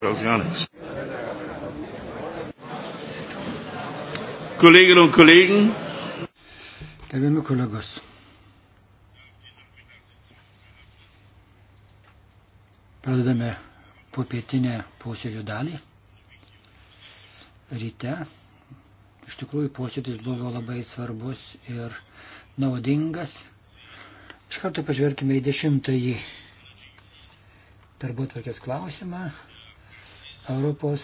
Rosianis. Kolleginnen und Kollegen. Gerbiami kolegos. Pradedame popietinę posėdžio dalį. Ryte iš tikrųjų posėdis buvo labai svarbus ir naudingas. Iš karto pažvelkime į dešimtąjį darbo tvarkės klausimą. Europos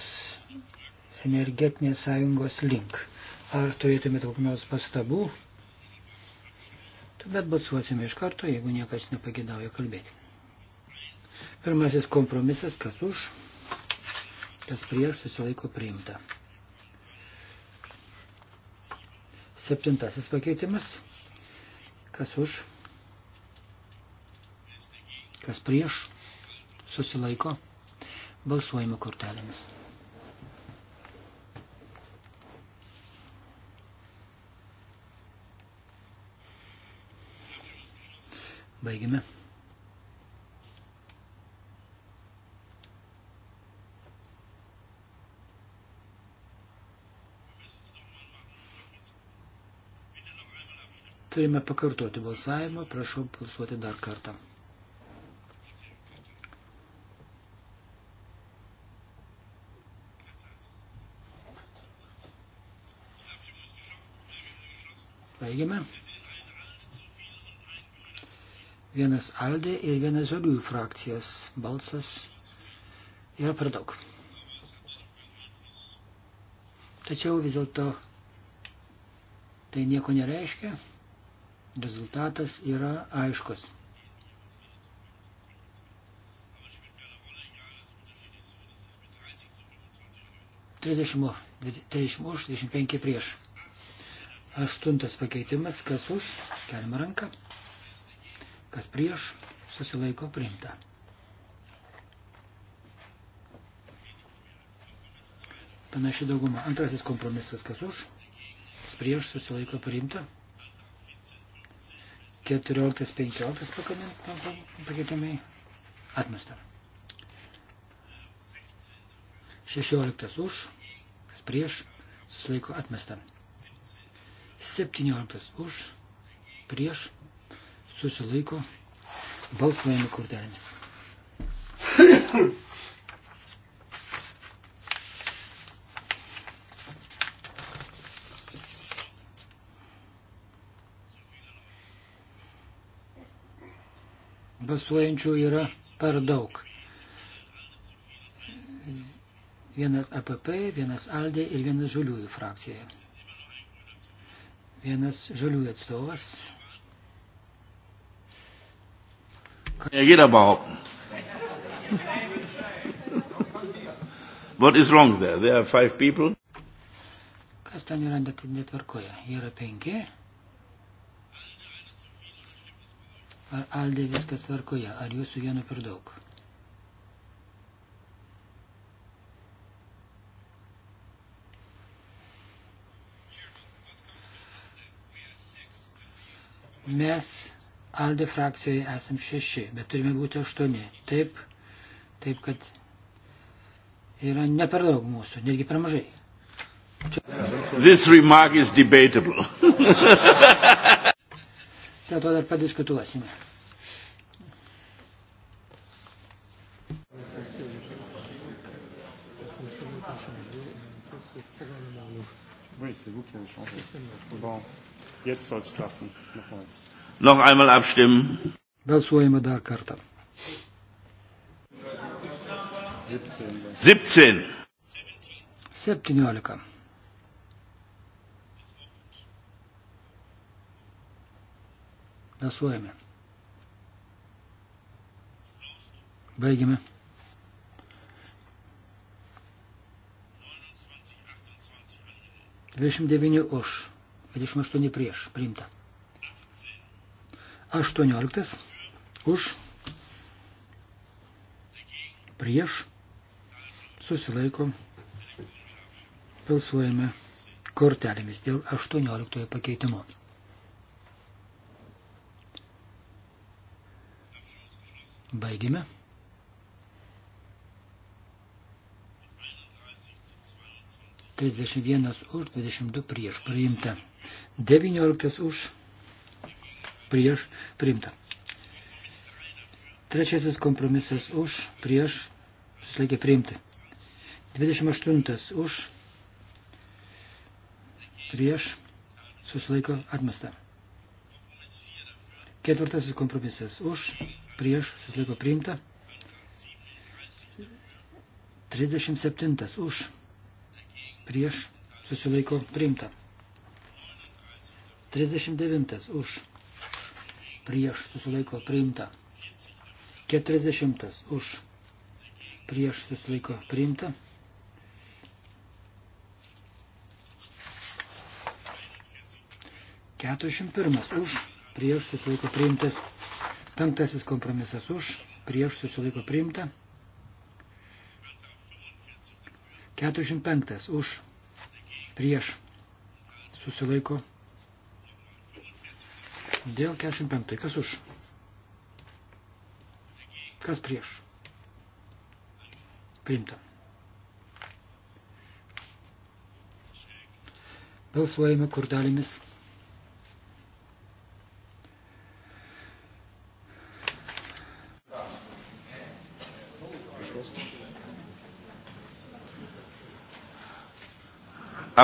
energetinės sąjungos link. Ar turėtumėte kokių nors pastabų? Tuomet balsuosime iš karto, jeigu niekas nepagėdauja kalbėti. Pirmasis kompromisas, kas už, kas prieš, susilaiko priimta. Septintasis pakeitimas, kas už, kas prieš, susilaiko priimta Balsuojame kortelėmis. Baigime. Turime pakartoti balsavimą, prašau balsuoti dar kartą. Baigiame. Vienas Aldė ir vienas Žaliųjų frakcijos balsas yra per daug. Tačiau vis dėlto tai nieko nereiškia. Rezultatas yra aiškus. trisdešimt už dvidešimt penki prieš Aštuntas pakeitimas, kas už, keliama ranka, kas prieš, susilaiko priimta. Panaši dauguma. Antrasis kompromisas, kas už, kas prieš, susilaiko priimta. 14-15 pakeitimai atmesta. 16 už, kas prieš, susilaiko atmesta. 17 už, prieš, susilaiko, balsuojame kortelėmis. Balsuojančių yra per daug. Vienas APP, vienas Aldė ir vienas Žaliųjų frakcijoje. Vienas žaliųjų atstovas. Reagiert überhaupt nicht. What is wrong there? There are five people. Kas ten yra netvarkoje? Yra penki. Ar Aldė viskas tvarkoje? Ar jūsų vienu per daug? Mes Alde frakcijoje esam šeši, bet turime būti aštuoni. Taip, taip, kad yra ne per daug mūsų, netgi per mažai. This remark is debatable. Dėl to dar padiskutuosime. Oui, c'est vous qui avez changé. Bon, jetzt soll es klappen. Nochmal. Noch einmal abstimmen. Balsuojame dar kartą. 17. 17. Balsuojame. Baigiame. 29 už, 28 prieš, priimta. 18 už prieš susilaiko balsuojame kortelėmis dėl 18 pakeitimo. Baigime. Trisdešimt vienas už, dvidešimt du prieš. Priimta. Devynioliktas už prieš priimta. Trečiasis kompromisas už, prieš, susilaikė priimti. 28 už, prieš, susilaiko atmesta. Ketvirtasis kompromisas už, prieš, susilaiko priimta. 37 už, prieš, susilaiko priimta. 39 už prieš susilaiko priimta. 40 už prieš susilaiko priimta. Keturiasdešimt pirmas už, prieš susilaiko priimtas. Penktasis kompromisas už, prieš susilaiko priimta. Keturiasdešimt penktas už, prieš susilaiko priimta Dėl 45. Kas už? Kas prieš? Priimta. Balsuojame kur dalimis.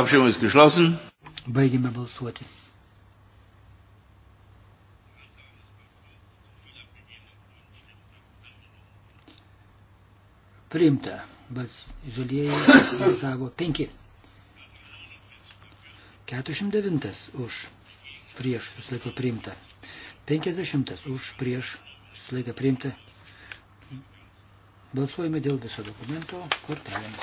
Abstimmung ist geschlossen. Baigime balsuoti. Primta. Bas žalieji balsavo 5. 409 už prieš susilaiko priimta. 50 už prieš susilaiko priimta. Balsuojame dėl viso dokumento kortelėmis.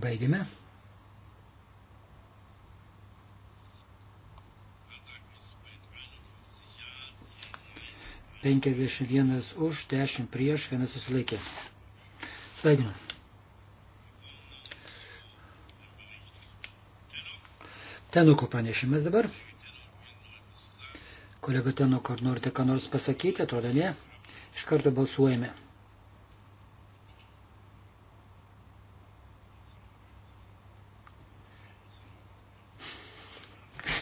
Baigime. 51 už, 10 prieš, vienas susilaikė. Sveikinu. Tenuko pranešimas dabar. Kolega Tenuko, ar norite ką nors pasakyti, atrodo ne. Iš karto balsuojame.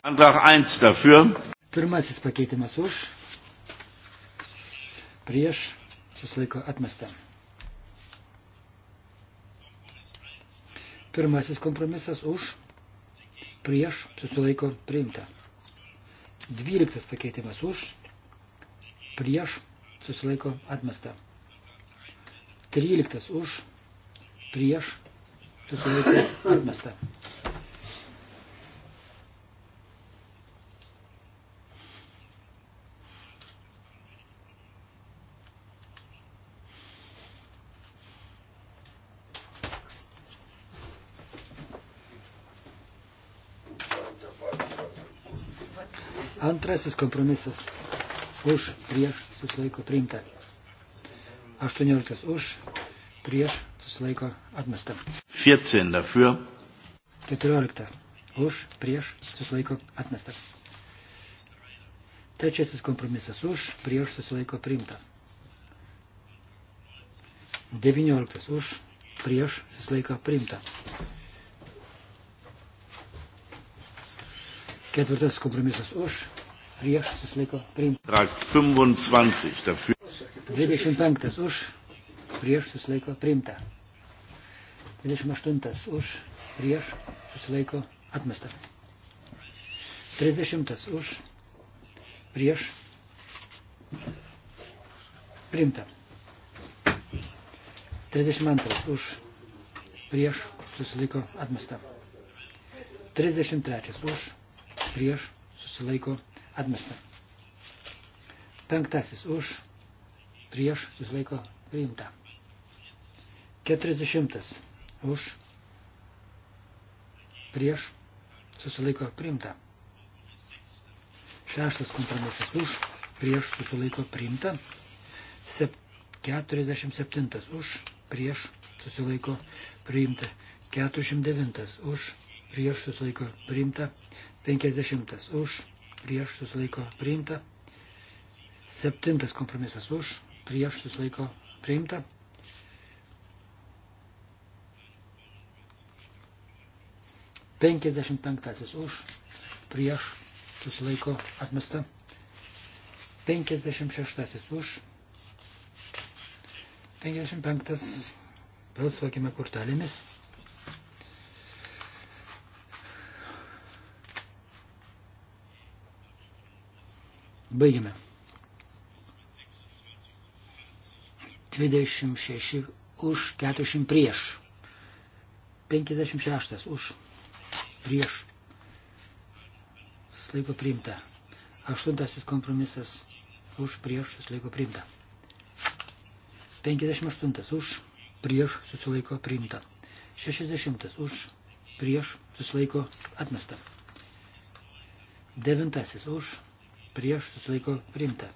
Antrag 1 dafür. Pirmasis pakeitimas už prieš susilaiko atmesta. Pirmasis kompromisas už prieš susilaiko priimta. Dvyliktas pakeitimas už prieš susilaiko atmesta. Tryliktas už prieš susilaiko atmesta. Antrasis kompromisas. Už, prieš, susilaiko priimta. 18 už, prieš, susilaiko atmesta. 14 dafür. 14 už, prieš, susilaiko atmesta. Trečiasis kompromisas už, prieš, susilaiko priimta. 19 už, prieš, susilaiko priimta. Ketvirtas kompromisas už, prieš susilaiko priimta. 25 už, prieš susilaiko priimta. 28 už, prieš susilaiko atmesta. 30 už, prieš priimta. 32 už, prieš susilaiko atmesta. 33 už, prieš susilaiko atmesta. Penktasis už prieš susilaiko priimta. Keturiasdešimtas už prieš susilaiko priimta. Šeštas kompromisas už prieš susilaiko priimta. Sep 47 už prieš susilaiko priimta. 409 už prieš susilaiko priimta. 50 už, prieš susilaiko priimta. 7 kompromisas už, prieš susilaiko priimta. Penkiasdešimt penktasis už, prieš, susilaiko atmesta. Penkiasdešimt šeštasis už, penkiasdešimt penktas, balsuokime kortelėmis. Baigime. 26 už, 40 prieš. 56 už, prieš. Suslaiko priimta. Aštuntasis kompromisas už, prieš, suslaiko priimta. 58 už, prieš, susilaiko priimta. 60 už, prieš, susilaiko atmesta. 9 už, prieš susilaiko priimta.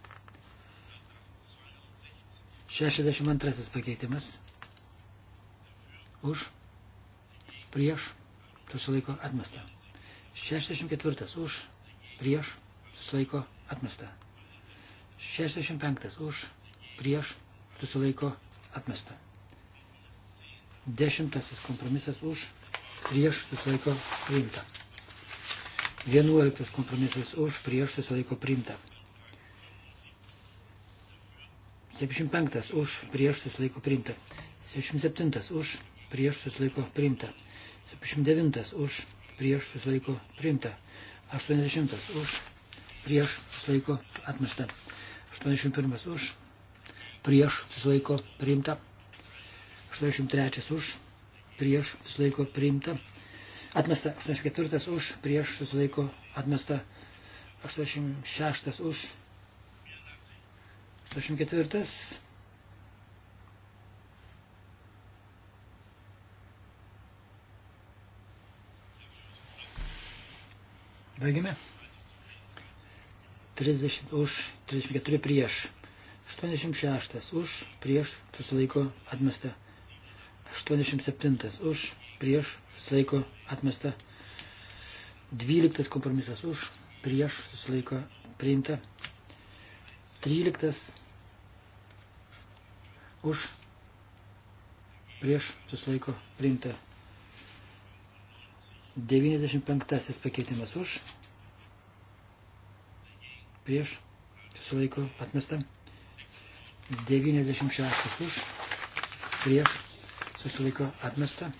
62 pakeitimas už prieš susilaiko atmesta. 64 už prieš susilaiko atmesta. 65 už prieš susilaiko atmesta. Dešimtasis kompromisas už prieš susilaiko priimta. 11 kompromisas už prieš susilaiko priimta. 75 už prieš susilaiko priimta. 77 už prieš susilaiko priimta. 79 už prieš susilaiko priimta. 80 už prieš susilaiko atmesta. 81 už prieš susilaiko priimta. 83 už prieš susilaiko priimta. Atmesta 84 už, prieš susilaiko atmesta 86 už. 84. Baigime. 30 už, 34 prieš. 86 už, prieš, susilaiko atmesta. 87 už, prieš, susilaiko atmesta. 12 kompromisas už, prieš, susilaiko priimta. 13 už, prieš, susilaiko priimta. 95 pakeitimas už, prieš, susilaiko atmesta. 96 už, prieš, susilaiko atmesta.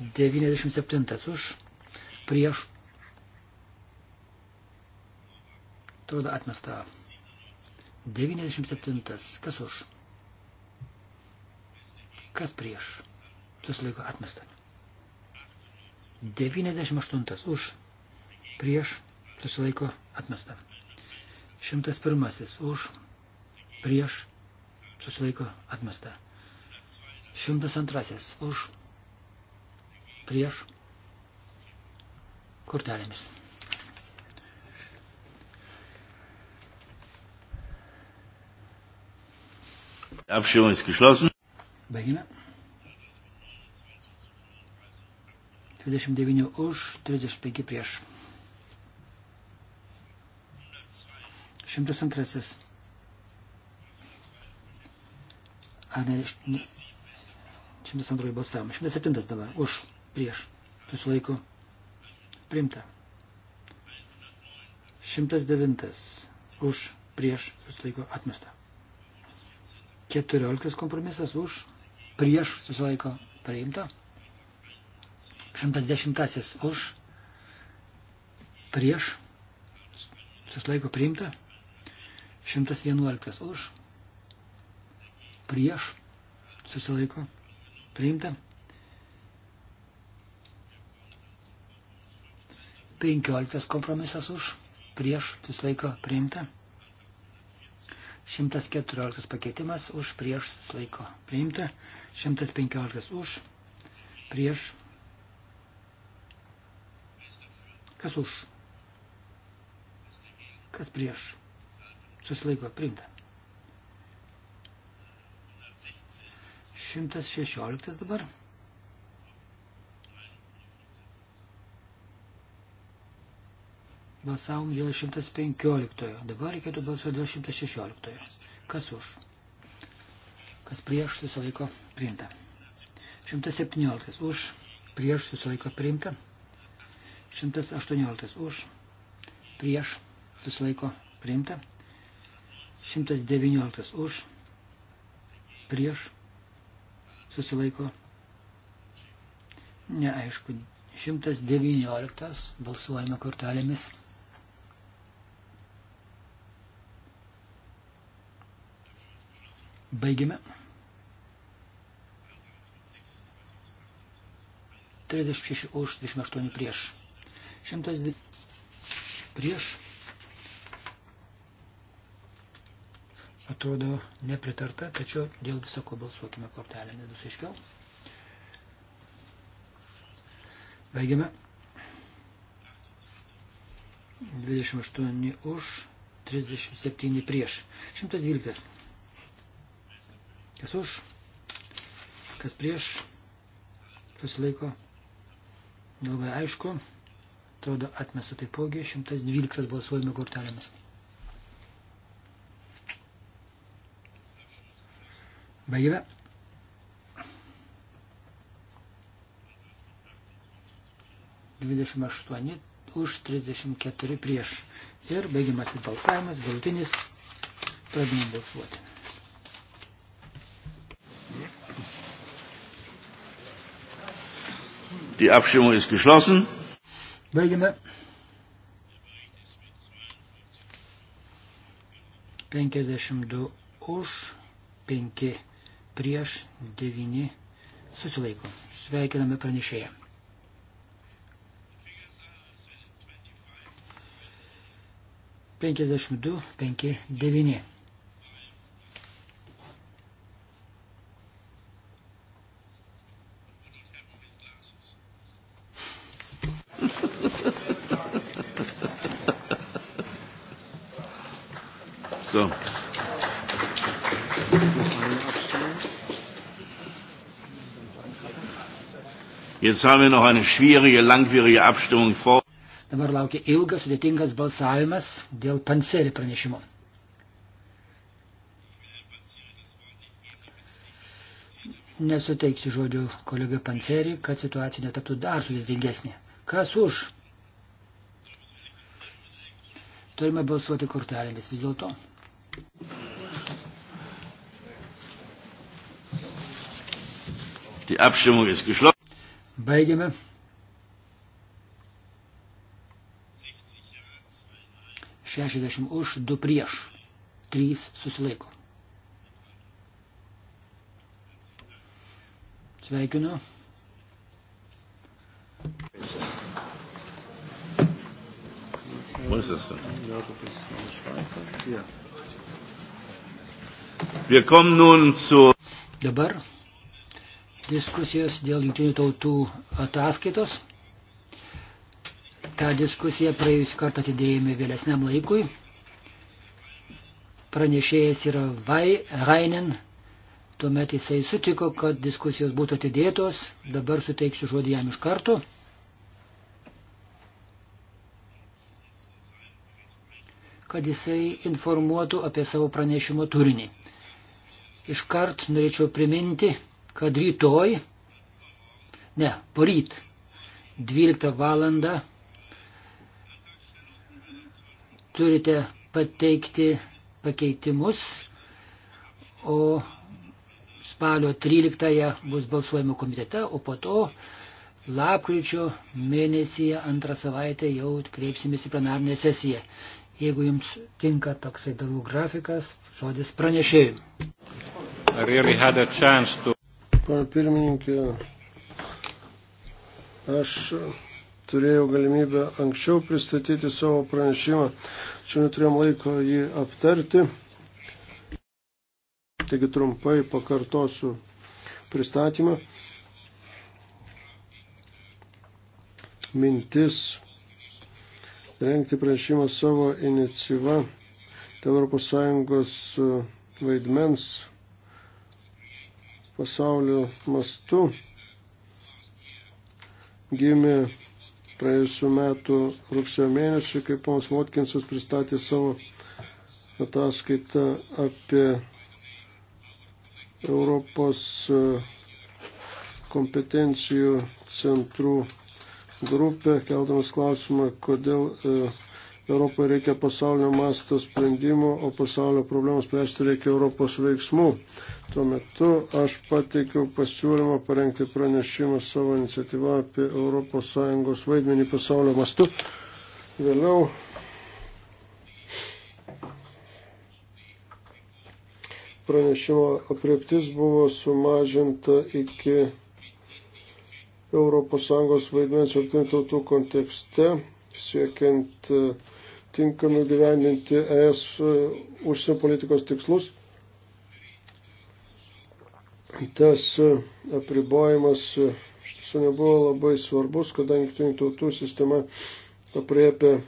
97 už, prieš. Atrodo atmesta. 97. Kas už? Kas prieš? Susilaiko atmesta. 98 už, prieš. Susilaiko atmesta. 101 už, prieš. Susilaiko atmesta. 102 už prieš kortelėmis. Abstimmung ist geschlossen. Baigime. 29 už, 35 prieš. 102. Ar ne, 102 balsavimo. 107 dabar. Už prieš susilaiko primta. 109 už prieš susilaiko atmesta. 14 kompromisas už prieš susilaiko priimta. 110 už prieš susilaiko priimta. 111 už prieš susilaiko priimta. 15 kompromisas už, prieš, susilaiko priimta. 114 pakeitimas už, prieš, susilaiko priimta. 115 už, prieš. Kas už? Kas prieš? Susilaiko priimta. 116 dabar. Balsavom dėl 115. Dabar reikėtų balsuoti dėl 116. Kas už? Kas prieš susilaiko priimta. 117. Už prieš susilaiko priimta. 118. Už prieš susilaiko priimta. 119. Už prieš susilaiko priimta neaišku, 119 balsuojame kortelėmis. Baigime. 36 už, 28 prieš. 102 prieš. Atrodo nepritarta, tačiau dėl visako balsuokime kortelėmis bus aiškiau. Baigiame. 28 už, 37 prieš. 112. Kas už? Kas prieš? Susilaiko. Labai aišku. Atrodo atmesta taipogi 112 balsuojame kortelėmis. Baigime. Dvidešimt aštuoni už 34 prieš. Ir baigimasis balsavimas, galutinis, pradėjome balsuoti. Die Abstimmung ist geschlossen. Baigime. 52 už, 5 prieš, 9 susilaiko. Sveikiname pranešėją. Penkiasdešimt du, penki, devyni. Jetzt haben wir noch eine schwierige, langwierige Abstimmung vor. Dabar laukia ilgas, sudėtingas balsavimas dėl Panseri pranešimo. Nesuteiksiu žodžių kolegai Panseri, kad situacija netaptų dar sudėtingesnė. Kas už? Turime balsuoti kortelėmis vis dėlto. Die Abstimmung ist geschlossen. Baigiame. Šešiasdešimt už, du prieš, trys susilaiko. Sveikinu. Wo ist es denn? Ja, du bist Schweizer. Hier. Wir kommen nun zu. Dabar diskusijos dėl jungtinių tautų ataskaitos. Ta diskusija praėjusį kartą atidėjome vėlesniam laikui. Pranešėjas yra Vai Rainen. Tuomet jisai sutiko, kad diskusijos būtų atidėtos. Dabar suteiksiu žodį jam iš karto. kad jisai informuotų apie savo pranešimo turinį. Iškart norėčiau priminti, kad rytoj, ne, poryt, 12 valandą turite pateikti pakeitimus, o spalio 13 bus balsuojama komitete, o po to lapkričio mėnesį antrą savaitę jau kreipsimės į plenarinę sesiją. Jeigu jums tinka toksai darbų grafikas, žodis pranešėjim. I really had a chance to Pane pirmininkė, aš turėjau galimybę anksčiau pristatyti savo pranešimą, čia neturėjom laiko jį aptarti. Taigi trumpai pakartosiu pristatymą. Mintis rengti pranešimą savo iniciatyvą dėl ES vaidmens pasaulio mastu gimė praėjusiu metu rugsėjo mėnesį, kai ponas Votkinsas pristatė savo ataskaitą apie Europos e, kompetencijų centrų grupę, keldamas klausimą, kodėl e, Europoje reikia pasaulio masto sprendimų, o pasaulio problemų spręsti reikia Europos veiksmų. Tuo metu aš pateikiau pasiūlymą parengti pranešimą savo iniciatyvą apie ES vaidmenį pasaulio mastu. Vėliau pranešimo apreptis buvo sumažinta iki ES vaidmens jungtinių tautų kontekste, siekiant uh, tinkamai gyveninti ES e, užsienio politikos tikslus. Tas e, apribojimas e, iš tiesų nebuvo labai svarbus, kadangi jungtinių tautų sistema apriepia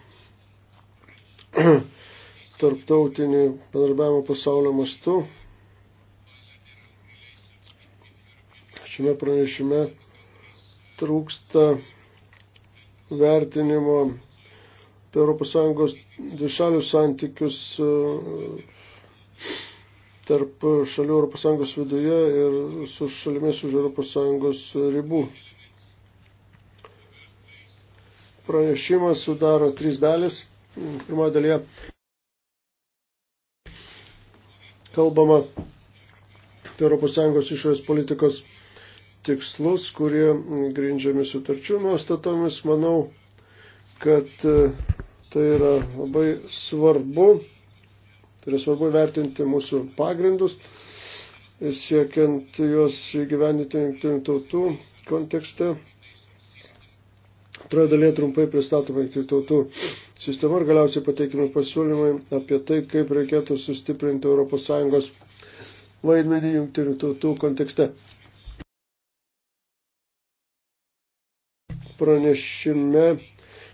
tarptautinį bendarbiavimą pasaulio mastu. Šiame pranešime trūksta vertinimo ES dvišalių santykius e, tarp šalių ES viduje ir su šalimis už ES ribų. Pranešimas sudaro trys dalis. Pirmoje dalyje kalbama apie ES išorės politikos tikslus, kurie grindžiami sutarčių nuostatomis. Manau, kad e, Tai yra labai svarbu, tai yra svarbu vertinti mūsų pagrindus, siekiant juos įgyvendinti jungtinių tautų kontekste. Antroje dalyje trumpai pristatoma jungtinių tautų sistema ir galiausiai pateikime pasiūlymai apie tai, kaip reikėtų sustiprinti ES vaidmenį jungtinių tautų kontekste. Pranešime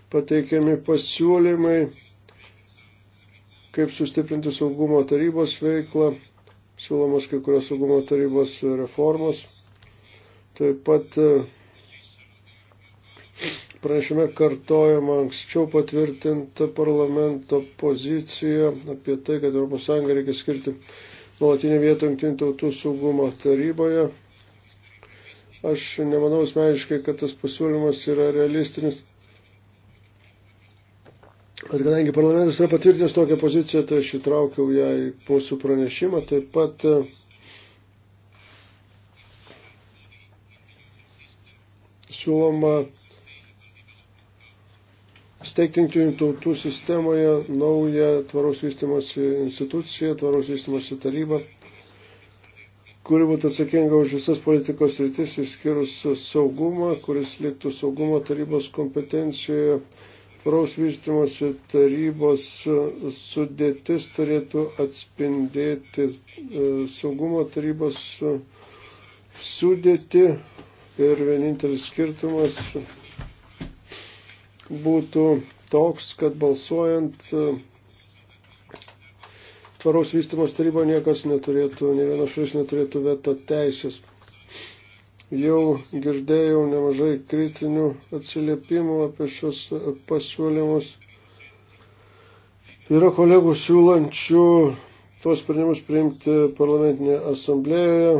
pateikiami pasiūlymai, kaip sustiprinti saugumo tarybos veiklą, siūlomos kai kurios saugumo tarybos reformos. Taip pat e, pranešime kartojama anksčiau patvirtinta parlamento pozicija apie tai, kad ES reikia skirti nuolatinį vietą Junktinių tautų saugumo taryboje. Aš nemanau asmeniškai, kad tas pasiūlymas yra realistinis, Bet kadangi parlamentas yra patvirtinęs tokią poziciją, tai aš įtraukiau ją į mūsų pranešimą. Taip pat e, siūloma steigti jungtinių tautų sistemoje naują tvaraus vystimosi instituciją, tvaraus vystimosi tarybą, kuri būtų atsakinga už visas politikos rytis, išskyrus saugumą, kuris liktų saugumo tarybos kompetencijoje tvaraus vystimosi tarybos e, sudėtis turėtų atspindėti e, saugumo tarybos e, sudėti ir vienintelis skirtumas būtų toks, kad balsuojant tvaraus vystimos taryboje niekas neturėtų, ne viena šalis neturėtų veto teisės. Jau girdėjau nemažai kritinių atsiliepimų apie šios pasiūlymus. Yra kolegų siūlančių tuos sprendimus priimti parlamentinėje asamblėjoje.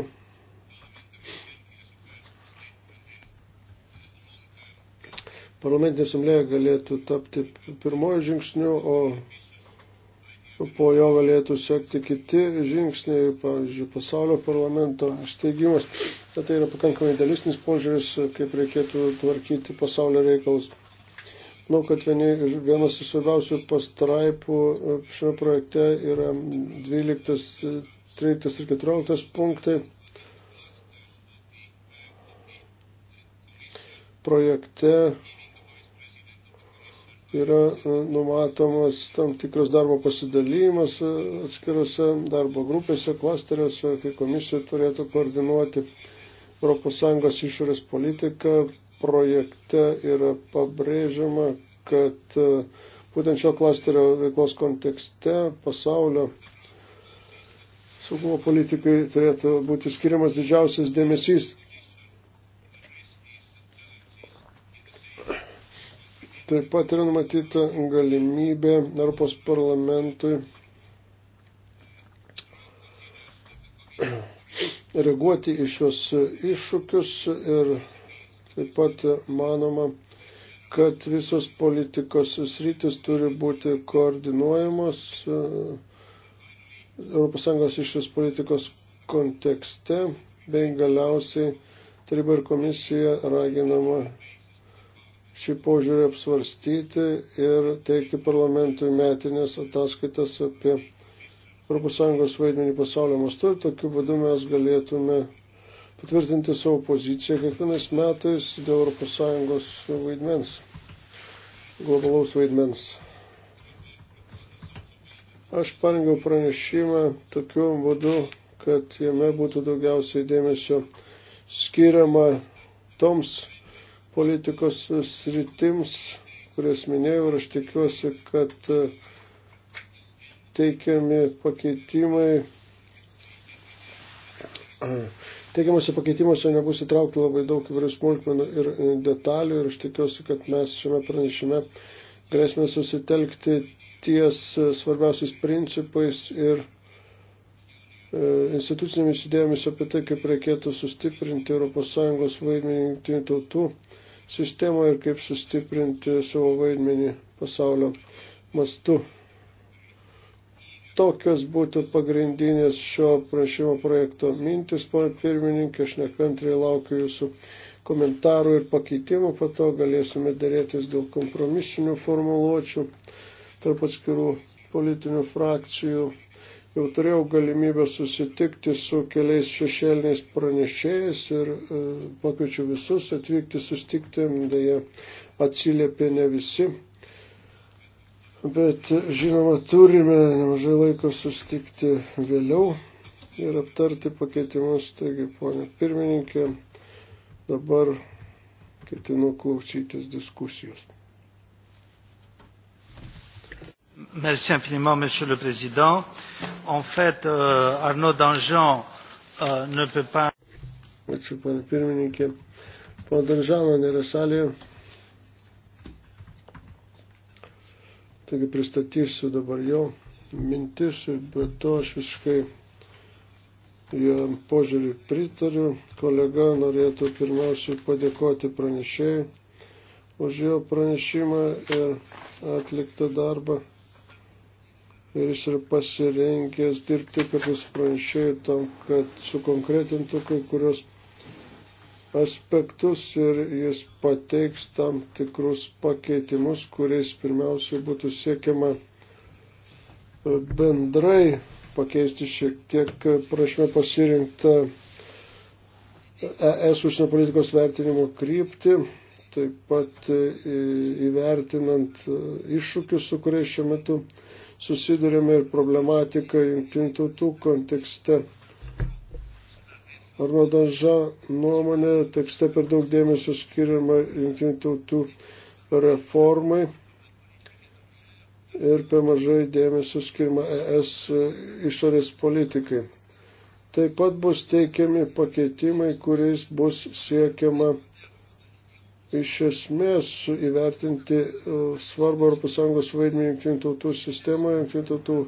Parlamentinė asamblėja galėtų tapti pirmoji žingsniu, o po jo galėtų sekti kiti žingsniai, pavyzdžiui, pasaulio parlamento steigimas. Tad tai yra pakankamai idealistinis požiūris, kaip reikėtų tvarkyti pasaulio reikalus. Manau, kad vieni, vienas iš svarbiausių pastraipų e, šiame projekte yra 12, 13 e, ir 14 punktai. Projekte yra e, numatomas tam tikras darbo pasidalymas atskirose darbo grupėse, klasteriuose, kai komisija turėtų koordinuoti ES išorės politika projekte yra pabrėžiama, kad e, būtent šio klasterio veiklos kontekste pasaulio saugumo politikai turėtų būti skiriamas didžiausias dėmesys. Taip pat yra numatyta galimybė Europos parlamentui reaguoti į šios iššūkius ir taip pat manoma, kad visos politikos sritis turi būti koordinuojamos e, ES išės politikos kontekste, bei galiausiai taryba ir komisija raginama šį požiūrį apsvarstyti ir teikti parlamentui metinės ataskaitas apie ES vaidmenį pasaulio mastu ir tokiu būdu mes galėtume patvirtinti savo poziciją kiekvienais metais dėl ES vaidmens, globalaus vaidmens. Aš parengiau pranešimą tokiu būdu, kad jame būtų daugiausiai dėmesio skiriama toms politikos sritims, kurias minėjau ir aš tikiuosi, kad uh, teikiami pakeitimai. Teikiamuose pakeitimuose nebus įtraukti labai daug įvairių smulkmenų ir detalių ir aš tikiuosi, kad mes šiame pranešime galėsime susitelkti ties svarbiausiais principais ir e, institucinėmis idėjomis apie tai, kaip reikėtų sustiprinti ES vaidmenį jungtinių tautų sistemoje ir kaip sustiprinti savo vaidmenį pasaulio mastu tokios būtų pagrindinės šio prašymo projekto mintis, ponė pirmininkė, aš nekantriai laukiu jūsų komentarų ir pakeitimų, po to galėsime dėrėtis dėl kompromisinių formuluočių tarp atskirų politinių frakcijų. Jau turėjau galimybę susitikti su keliais šešėliniais pranešėjais ir e, pakviečiu visus atvykti sustikti, dėja atsiliepė ne visi bet žinoma turime nemažai laiko sustikti vėliau ir aptarti pakeitimus. Taigi, ponė pirmininkė, dabar ketinu klausytis diskusijos. Merci infiniment, Monsieur le Président. En fait, euh, Arnaud Dangean euh, ne peut pas. Ačiū, pane pirmininkė. Pana Danžano nėra salėje. Taigi pristatysiu dabar jau mintis, bet to aš visiškai jam požiūrį pritariu. Kolega norėtų pirmiausiai padėkoti pranešėjai už jo pranešimą ir atliktą darbą. Ir jis yra pasirengęs dirbti kartu su pranešėjai tam, kad sukonkretintų kai kurios aspektus ir jis pateiks tam tikrus pakeitimus, kuriais pirmiausiai būtų siekiama e, bendrai pakeisti šiek tiek prašymę pasirinktą ES užsienio politikos vertinimo kryptį, taip pat e, įvertinant e, iššūkius, su kuriais šiuo metu susidurėme ir problematiką jungtinių tautų kontekste. Rodaža nuomonė, tekste per daug dėmesio skiriama jungtinių tautų reformai ir per mažai dėmesio skirima ES išorės politikai. Taip pat bus teikiami pakeitimai, kuriais bus siekiama iš esmės įvertinti e, svarbą ES vaidmenį jungtinių tautų sistemoje, jungtinių tautų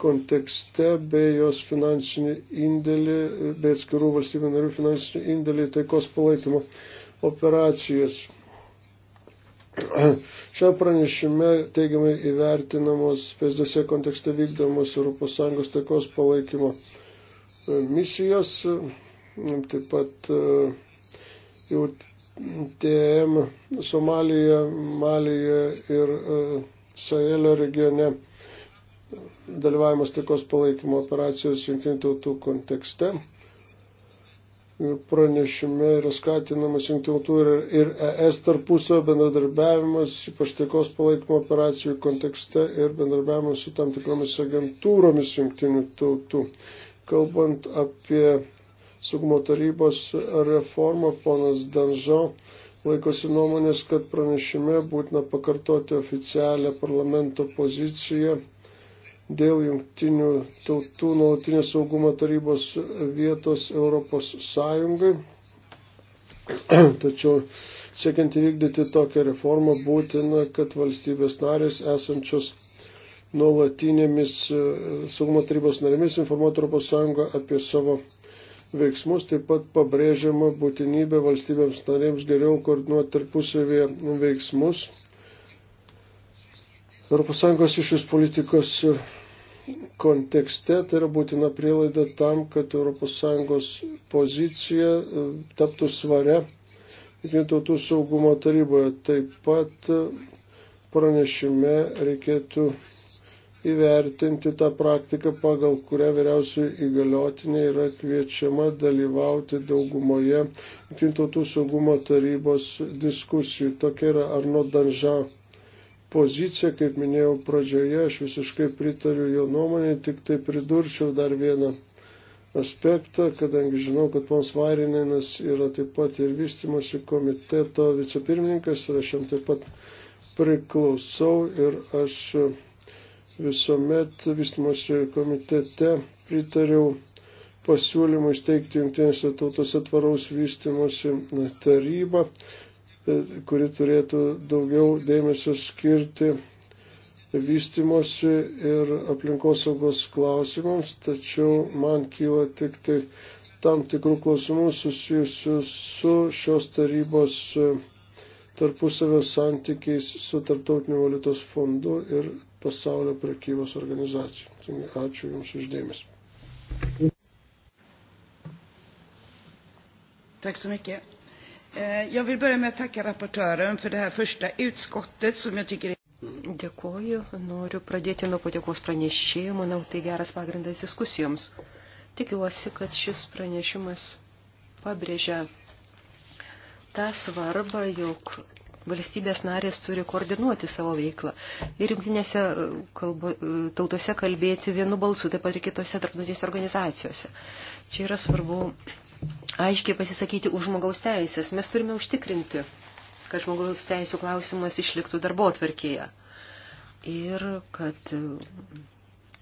kontekste bei jos finansinį indėlį, bei atskirų valstybių narių finansinį indėlį į taikos palaikymo operacijas. Šią pranešime teigiamai įvertinamos PSDS kontekste vykdomos ES taikos palaikymo e, misijos, e, taip pat e, jau TM Somalija, Malija ir Sahelio regione dalyvavimas taikos palaikymo operacijos jungtinių tautų kontekste. Pranešime yra skatinamas jungtinių tautų ir ES tarpusio bendradarbiavimas, ypač taikos palaikymo operacijų kontekste ir bendradarbiavimas su tam tikromis agentūromis jungtinių tautų. Kalbant apie saugumo tarybos reformą, ponas Danžo laikosi nuomonės, kad pranešime būtina pakartoti oficialią parlamento poziciją dėl jungtinių tautų nuolatinės saugumo tarybos vietos Europos Sąjungai. Tačiau siekiant įvykdyti tokią reformą būtina, kad valstybės narės esančios nuolatinėmis e, saugumo tarybos narėmis informuotų Europos Sąjungą apie savo veiksmus, taip pat pabrėžiama būtinybė valstybėms narėms geriau koordinuoti tarpusavėje veiksmus. ES išvis politikos e, kontekste tai yra būtina prielaida tam, kad ES pozicija e, taptų svare Junktinių tautų saugumo taryboje. Taip pat e, pranešime reikėtų įvertinti tą praktiką, pagal kurią vyriausių įgaliotinė yra kviečiama dalyvauti daugumoje Junktinių tautų saugumo tarybos diskusijų. Tokia yra Arno Danžan poziciją, kaip minėjau pradžioje, aš visiškai pritariu jo nuomonė, tik tai pridurčiau dar vieną aspektą, kadangi žinau, kad pons Vairinenas yra taip pat ir vystimosi komiteto vicepirmininkas ir aš jam taip pat priklausau ir aš visuomet vystimosi komitete pritariau pasiūlymui steigti Junktinėse tautose tvaraus vystimosi tarybą kuri turėtų daugiau dėmesio skirti vystimosi ir aplinkosaugos klausimams, tačiau man kyla tik tai tam tikrų klausimų susijusių su šios tarybos e, tarpusavio santykiais su Tarptautiniu valiutos fondu ir pasaulio prekybos organizacija. Taigi, ačiū Jums uždėmesi. Tack så mycket. Eh, jag vill börja med att tacka rapportören för det här första utskottet som jag tycker är... Dėkuoju, noriu pradėti nuo padėkos pranešėjų, manau, tai geras pagrindas diskusijoms. Tikiuosi, kad šis pranešimas pabrėžia tą svarbą, jog valstybės narės turi koordinuoti savo veiklą ir jungtinėse e, kalbo, e, tautose kalbėti vienu balsu, taip pat ir kitose tarptautinėse organizacijose. Čia yra svarbu aiškiai pasisakyti už žmogaus teisės. Mes turime užtikrinti, kad žmogaus teisų klausimas išliktų darbo atverkėje ir kad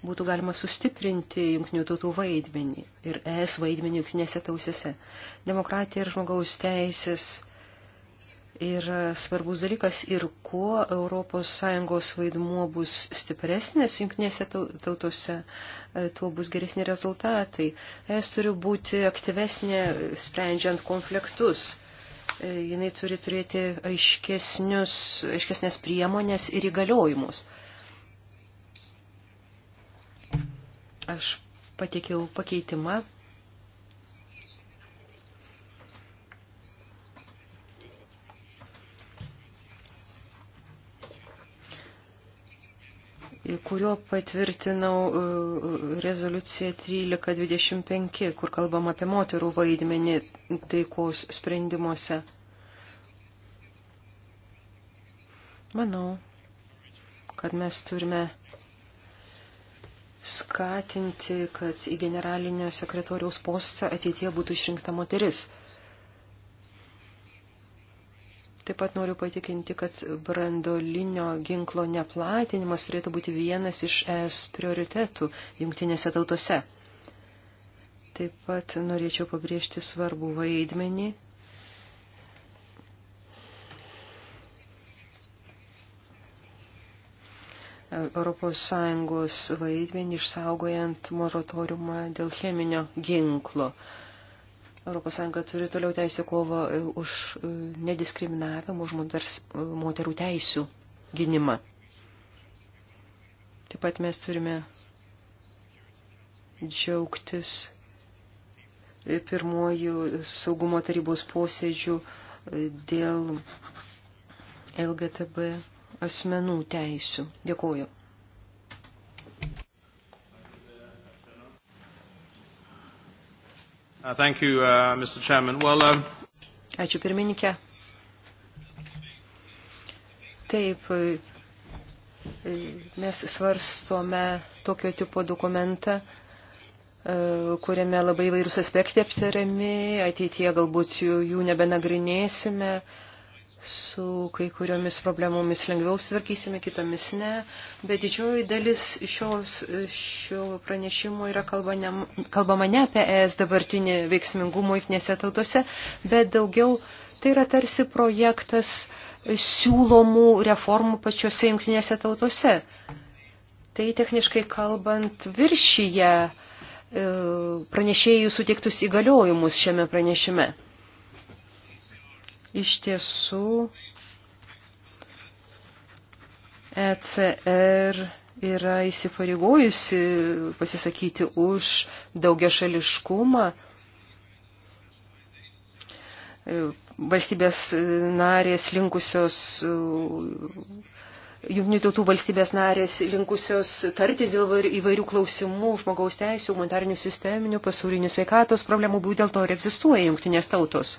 būtų galima sustiprinti jungtinių tautų vaidmenį ir ES vaidmenį jungtinėse tausėse. Demokratija ir žmogaus teisės Ir e, svarbus dalykas ir kuo ES vaidmuo bus stipresnės jungtinėse tautose, e, tuo bus geresni rezultatai. Es turi būti aktyvesnė e, sprendžiant konfliktus. Jinai turi turėti aiškesnės priemonės ir įgaliojimus. Aš pateikiau pakeitimą kuriuo patvirtinau e, rezoliuciją 1325, kur kalbam apie moterų vaidmenį taikos sprendimuose. Manau, kad mes turime skatinti, kad į generalinio sekretoriaus postą ateitie būtų išrinkta moteris. Taip pat noriu patikinti, kad brandolinio ginklo neplatinimas turėtų būti vienas iš ES prioritetų jungtinėse tautose. Taip pat norėčiau pabrėžti svarbų vaidmenį ES vaidmenį išsaugojant moratoriumą dėl cheminio ginklo. ES turi toliau teisę kovą e, už e, nediskriminavimą, už moters, e, moterų teisų gynimą. Taip pat mes turime džiaugtis pirmojų saugumo tarybos posėdžių dėl LGTB asmenų teisių. Dėkuoju. Uh, thank you, uh, Mr. Chairman. Well, um... Ačiū pirmininkė. Taip, e, e, mes svarstome tokio tipo dokumentą, e, kuriame labai vairūs aspektai aptariami, ateityje galbūt jų nebenagrinėsime, su kai kuriomis problemomis lengviau sutvarkysime, kitomis ne, bet didžioji dalis šios, šio pranešimo yra kalba ne, kalbama ne apie ES dabartinį veiksmingumą įknėse tautose, bet daugiau tai yra tarsi projektas siūlomų reformų pačiose jungtinėse tautose. Tai techniškai kalbant viršyje e, pranešėjų suteiktus įgaliojimus šiame pranešime. Iš tiesų, ECR yra įsipareigojusi pasisakyti už daugia šališkumą. Valstybės narės linkusios, jungtinių tautų valstybės narės linkusios tartis dėl įvairių klausimų, žmogaus teisų, humanitarinių sisteminių, pasaulinių sveikatos problemų, būtent dėl to ir egzistuoja jungtinės tautos.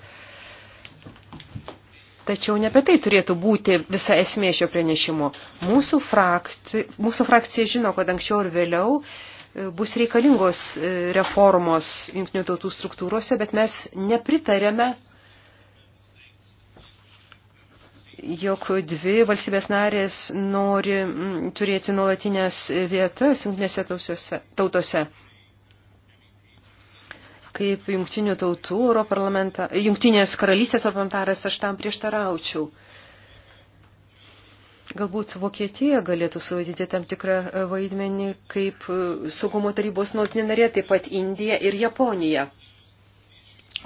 Tačiau ne apie tai turėtų būti visa esmė šio pranešimo. Mūsų, frakci, mūsų frakcija žino, kad anksčiau ir vėliau e, bus reikalingos e, reformos jungtinių tautų struktūrose, bet mes nepritarėme, jog dvi valstybės narės nori turėti nuolatinės vietas jungtinėse tautose. tautose kaip jungtinių tautų jungtinės karalystės parlamentaras aš tam prieštaraučiau. Galbūt Vokietija galėtų suvaidinti tam tikrą e, vaidmenį kaip e, saugumo tarybos nuotinė narė, taip pat Indija ir Japonija.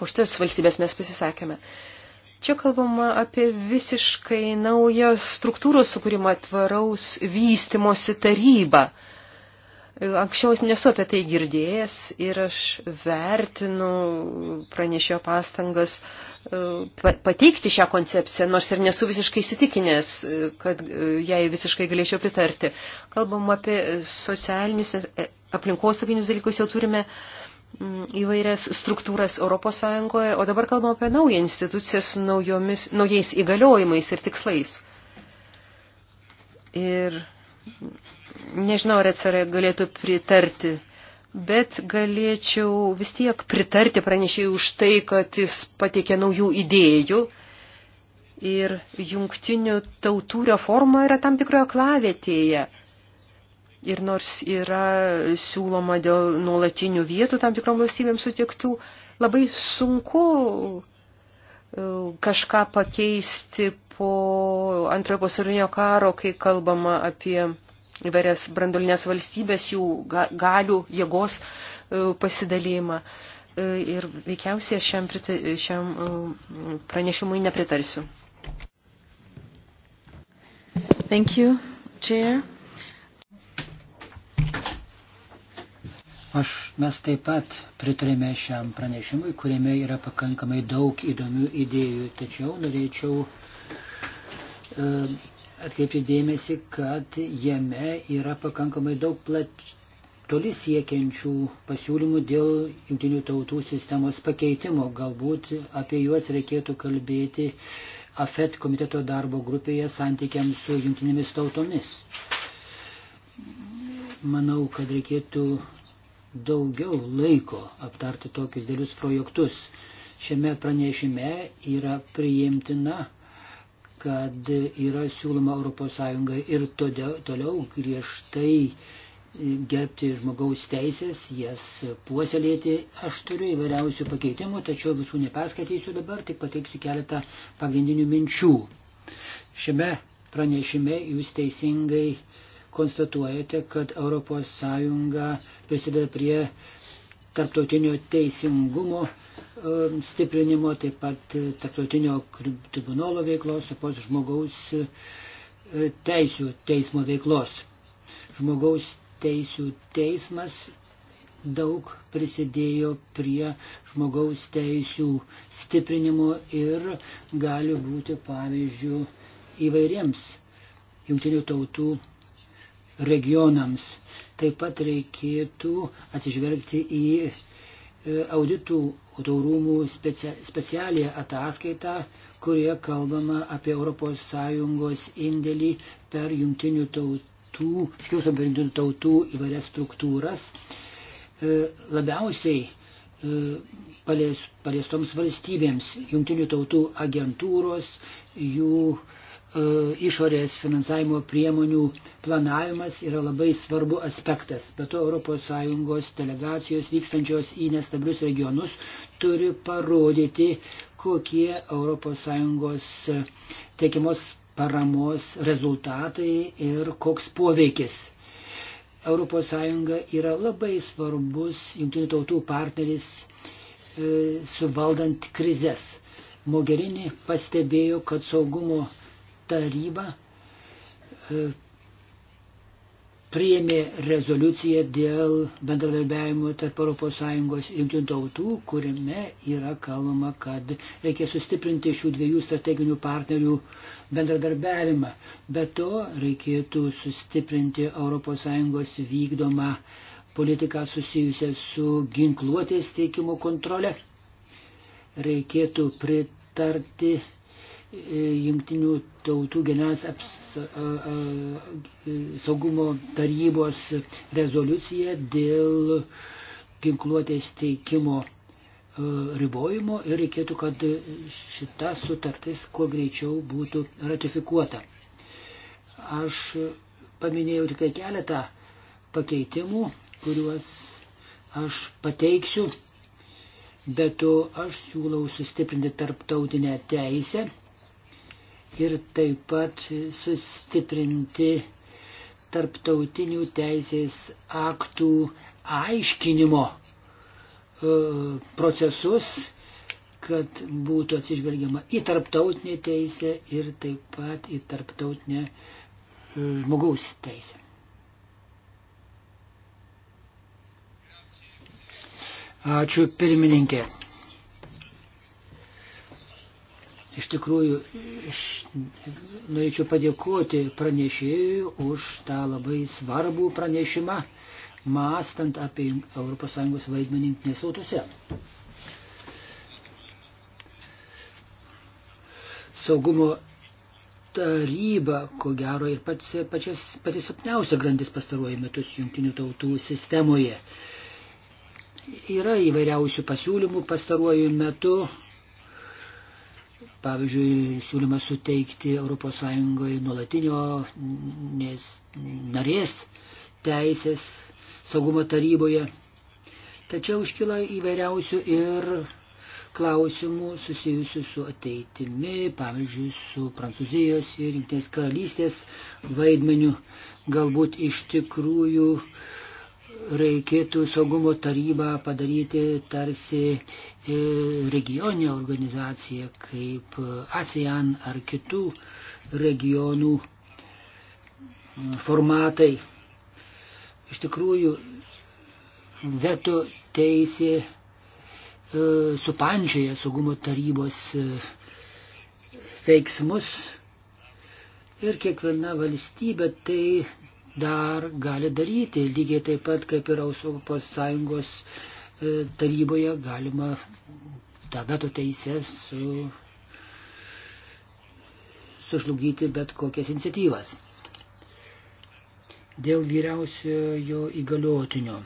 Už tas valstybės mes pasisakėme. Čia kalbama apie visiškai naują struktūros sukūrimą tvaraus vystimosi tarybą. Anksčiau nesu apie tai girdėjęs ir aš vertinu pranešėjo pastangas e, pateikti šią koncepciją, nors ir nesu visiškai įsitikinęs, e, kad e, jai visiškai galėčiau pritarti. Kalbam apie socialinius ir aplinkosauginius dalykus, jau turime mm, įvairias struktūras Europos Sąjungoje, o dabar kalbam apie naują instituciją su naujomis, naujais įgaliojimais ir tikslais. Ir nežinau, ar atsirai galėtų pritarti, bet galėčiau vis tiek pritarti pranešėjai už tai, kad jis pateikė naujų idėjų. Ir jungtinių tautų reforma yra tam tikroje klavėtėje. Ir nors yra siūloma dėl nuolatinių vietų tam tikrom valstybėms sutiktų, labai sunku e, kažką pakeisti po antrojo pasaulinio karo, kai kalbama apie įvairias brandolinės valstybės, jų galių, jėgos e, pasidalėjimą. E, ir veikiausiai šiam, šiam e, pranešimui nepritarsiu. Thank you, Chair. Aš, mes taip pat pritarėme šiam pranešimui, kuriame yra pakankamai daug įdomių idėjų, tačiau norėčiau e, atkreipti dėmesį, kad jame yra pakankamai daug plač, toli siekiančių pasiūlymų dėl jungtinių tautų sistemos pakeitimo. Galbūt apie juos reikėtų kalbėti AFET komiteto darbo grupėje santykiams su jungtinėmis tautomis. Manau, kad reikėtų daugiau laiko aptarti tokius dėlius projektus. Šiame pranešime yra priimtina kad yra siūloma ES ir todėl, toliau griežtai e, gerbti žmogaus teisės, jas puoselėti. Aš turiu įvairiausių pakeitimų, tačiau visų neperskaitysiu dabar, tik pateiksiu keletą pagrindinių minčių. Šiame pranešime jūs teisingai konstatuojate, kad ES prisideda prie tarptautinio teisingumo e, stiprinimo, taip pat e, tarptautinio tribunolo veiklos, taip pat žmogaus e, teisų teismo veiklos. Žmogaus teisų teismas daug prisidėjo prie žmogaus teisų stiprinimo ir gali būti pavyzdžių įvairiems jungtinių tautų regionams. Taip pat reikėtų atsižvelgti į e, auditų rūmų specialią ataskaitą, kurioje kalbama apie ES indėlį per jungtinių tautų, skirsom per jungtinių tautų įvairias struktūras. E, labiausiai e, paliestoms valstybėms, jungtinių tautų agentūros, jų E, išorės finansavimo priemonių planavimas yra labai svarbu aspektas. Be to ES delegacijos vykstančios į nestablius regionus turi parodyti, kokie ES teikiamos paramos rezultatai ir koks poveikis. ES yra labai svarbus jungtinių tautų partneris e, suvaldant krizes. Mogherini pastebėjo, kad saugumo taryba e, priėmė rezoliuciją dėl bendradarbiavimo tarp ES ir jungtinių tautų, kuriame yra kalbama, kad reikia sustiprinti šių dviejų strateginių partnerių bendradarbiavimą. Be to reikėtų sustiprinti ES vykdomą politiką susijusią su ginkluotės teikimo kontrole. Reikėtų pritarti E, Jungtinių tautų generalinės saugumo tarybos rezoliuciją dėl ginkluotės teikimo e, ribojimo ir reikėtų, kad šita sutartis kuo greičiau būtų ratifikuota. Aš paminėjau tik tai keletą pakeitimų, kuriuos aš pateiksiu, bet to aš siūlau sustiprinti tarptautinę teisę ir taip pat sustiprinti tarptautinių teisės aktų aiškinimo e, procesus, kad būtų atsižvelgiama į tarptautinę teisę ir taip pat į tarptautinę e, žmogaus teisę. Ačiū pirmininkė. Iš tikrųjų, iš, norėčiau padėkoti pranešėjui už tą labai svarbų pranešimą, mąstant apie ES vaidmenį jungtinėse tautose. Saugumo taryba, ko gero, ir pats, pačias, pati silpniausia grandis pastaruoju metus jungtinių tautų sistemoje. Yra įvairiausių pasiūlymų pastaruoju metu Pavyzdžiui, siūlymas suteikti ES nuolatinio nes, narės teisės saugumo taryboje. Tačiau iškyla įvairiausių ir klausimų susijusių su ateitimi, pavyzdžiui, su Prancūzijos ir Junktinės karalystės vaidmeniu. Galbūt iš tikrųjų reikėtų saugumo tarybą padaryti tarsi e, regioninę organizaciją kaip ASEAN ar kitų regionų e, formatai. Iš tikrųjų, veto teisė e, supančioje saugumo tarybos veiksmus ir kiekviena valstybė tai dar gali daryti. Lygiai taip pat, kaip ir Europos Sąjungos e, taryboje galima tą veto teisę su, sužlugdyti bet kokias iniciatyvas. Dėl vyriausiojo įgaliotinio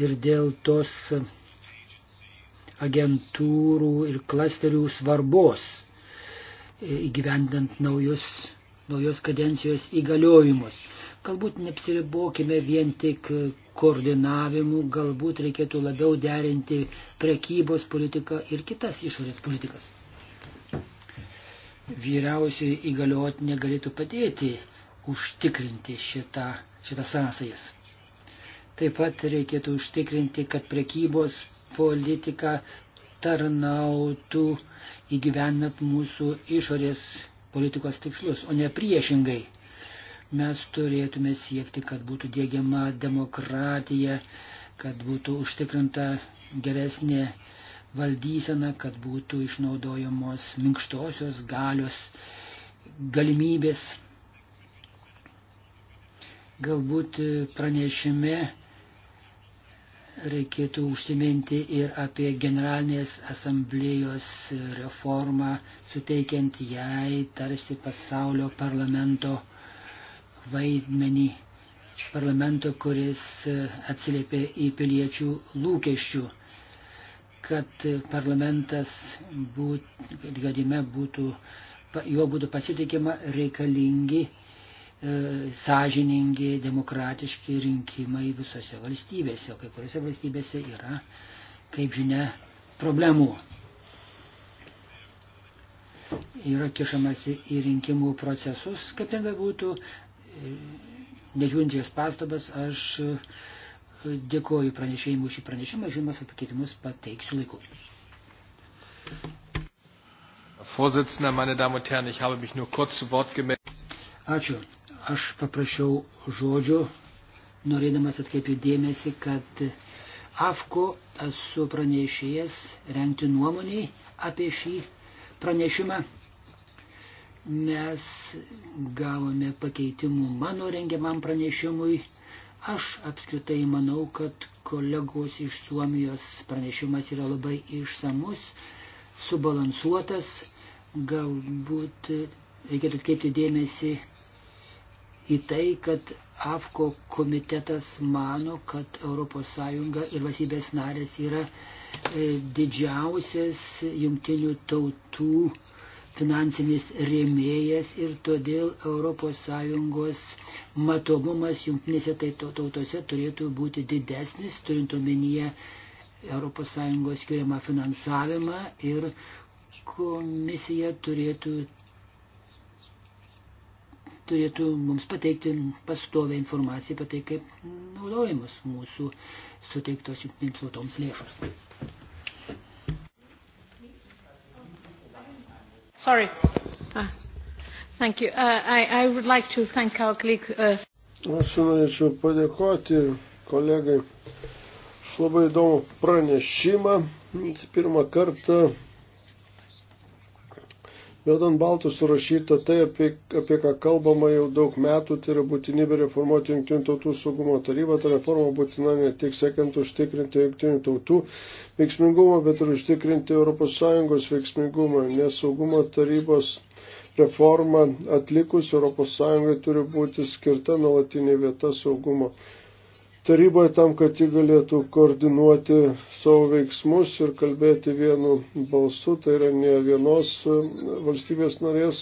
ir dėl tos agentūrų ir klasterių svarbos e, įgyvendant naujus naujos kadencijos įgaliojimus. Galbūt neapsiribokime vien tik koordinavimu, galbūt reikėtų labiau derinti prekybos politiką ir kitas išorės politikas. Vyriausiai įgaliotinė galėtų padėti užtikrinti šitą, šitą sąsajas. Taip pat reikėtų užtikrinti, kad prekybos politika tarnautų įgyvenant mūsų išorės politikos tikslus, o ne priešingai. Mes turėtume siekti, kad būtų dėgiama demokratija, kad būtų užtikrinta geresnė valdysena, kad būtų išnaudojamos minkštosios galios galimybės. Galbūt pranešime reikėtų užsiminti ir apie generalinės asamblėjos reformą, suteikiant jai tarsi pasaulio parlamento vaidmenį, parlamento, kuris atsiliepia į piliečių lūkesčių kad parlamentas būt, kad jame būtų, juo būtų pasitikima reikalingi E, sąžiningi, demokratiški rinkimai visose valstybėse, o kai kuriuose valstybėse yra, kaip žinia, problemų. Yra kišamasi į rinkimų procesus, kaip ten bebūtų, e, nežiūrinčias pastabas, aš e, dėkoju pranešėjimui šį pranešimą, žinomas apie keitimus pateiksiu laiku. Vorsitzender, meine Damen und Herren, ich habe mich nur kurz zu Wort gemeldet. Ačiū. Aš paprašiau žodžio, norėdamas atkreipti dėmesį, kad AFKO esu pranešėjęs renkti nuomonį apie šį pranešimą. Mes gavome pakeitimų mano rengiamam pranešimui. Aš apskritai manau, kad kolegos iš Suomijos pranešimas yra labai išsamus, subalansuotas. Galbūt reikėtų atkreipti dėmesį į tai, kad AFKO komitetas mano, kad ES ir valstybės narės yra e, didžiausias jungtinių tautų finansinis rėmėjas ir todėl ES matomumas jungtinėse tai tautose turėtų būti didesnis, turint omenyje ES skiriamą finansavimą ir komisija turėtų turėtų mums pateikti pastovę informaciją apie tai, kaip naudojamos mūsų suteiktos jungtinėms tautoms lėšos. Sorry. Ah, thank you. Uh, I, I would like to thank our colleague. Uh... Aš norėčiau padėkoti kolegai. Aš labai įdomu pranešimą. Pirmą kartą Bet ant baltų surašyta tai, apie, apie ką kalbama jau daug metų, tai yra būtinybė reformuoti Junktinių tautų saugumo tarybą. Ta reforma būtina ne tik siekiant užtikrinti Junktinių tautų veiksmingumą, bet ir užtikrinti ES veiksmingumą, nes saugumo tarybos reformą atlikus ES turi būti skirta nuolatinė vieta saugumo taryboje tam, kad ji galėtų koordinuoti savo veiksmus ir kalbėti vienu balsu, tai yra ne vienos e, valstybės narės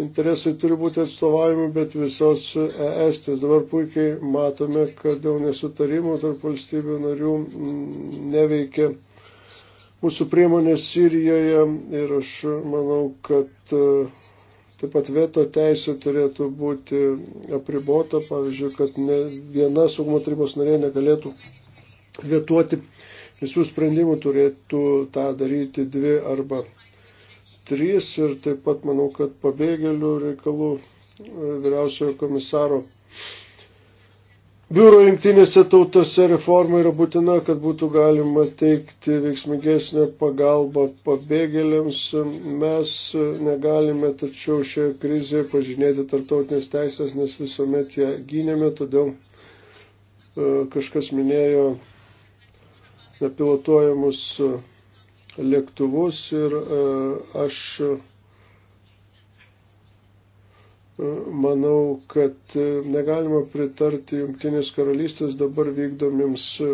interesai turi būti atstovavimi, bet visos ES. E Tis dabar puikiai matome, kad dėl nesutarimų tarp valstybių narių neveikia mūsų priemonė Sirijoje ir aš manau, kad e, Taip pat veto teisė turėtų būti apribota, pavyzdžiui, kad ne viena saugumo tarybos narė negalėtų vetuoti visų sprendimų, turėtų tą daryti dvi arba trys. Ir taip pat manau, kad pabėgėlių reikalų e, vyriausiojo komisaro biuro jungtinėse tautose reforma yra būtina, kad būtų galima teikti veiksmingesnę pagalbą pabėgėliams. Mes negalime tačiau šioje krizėje pažinėti tarptautinės teisės, nes visuomet ją gynėme, todėl e, kažkas minėjo nepilotuojamus e, lėktuvus ir e, aš manau, kad e, negalima pritarti Junktinės karalystės dabar vykdomiems e,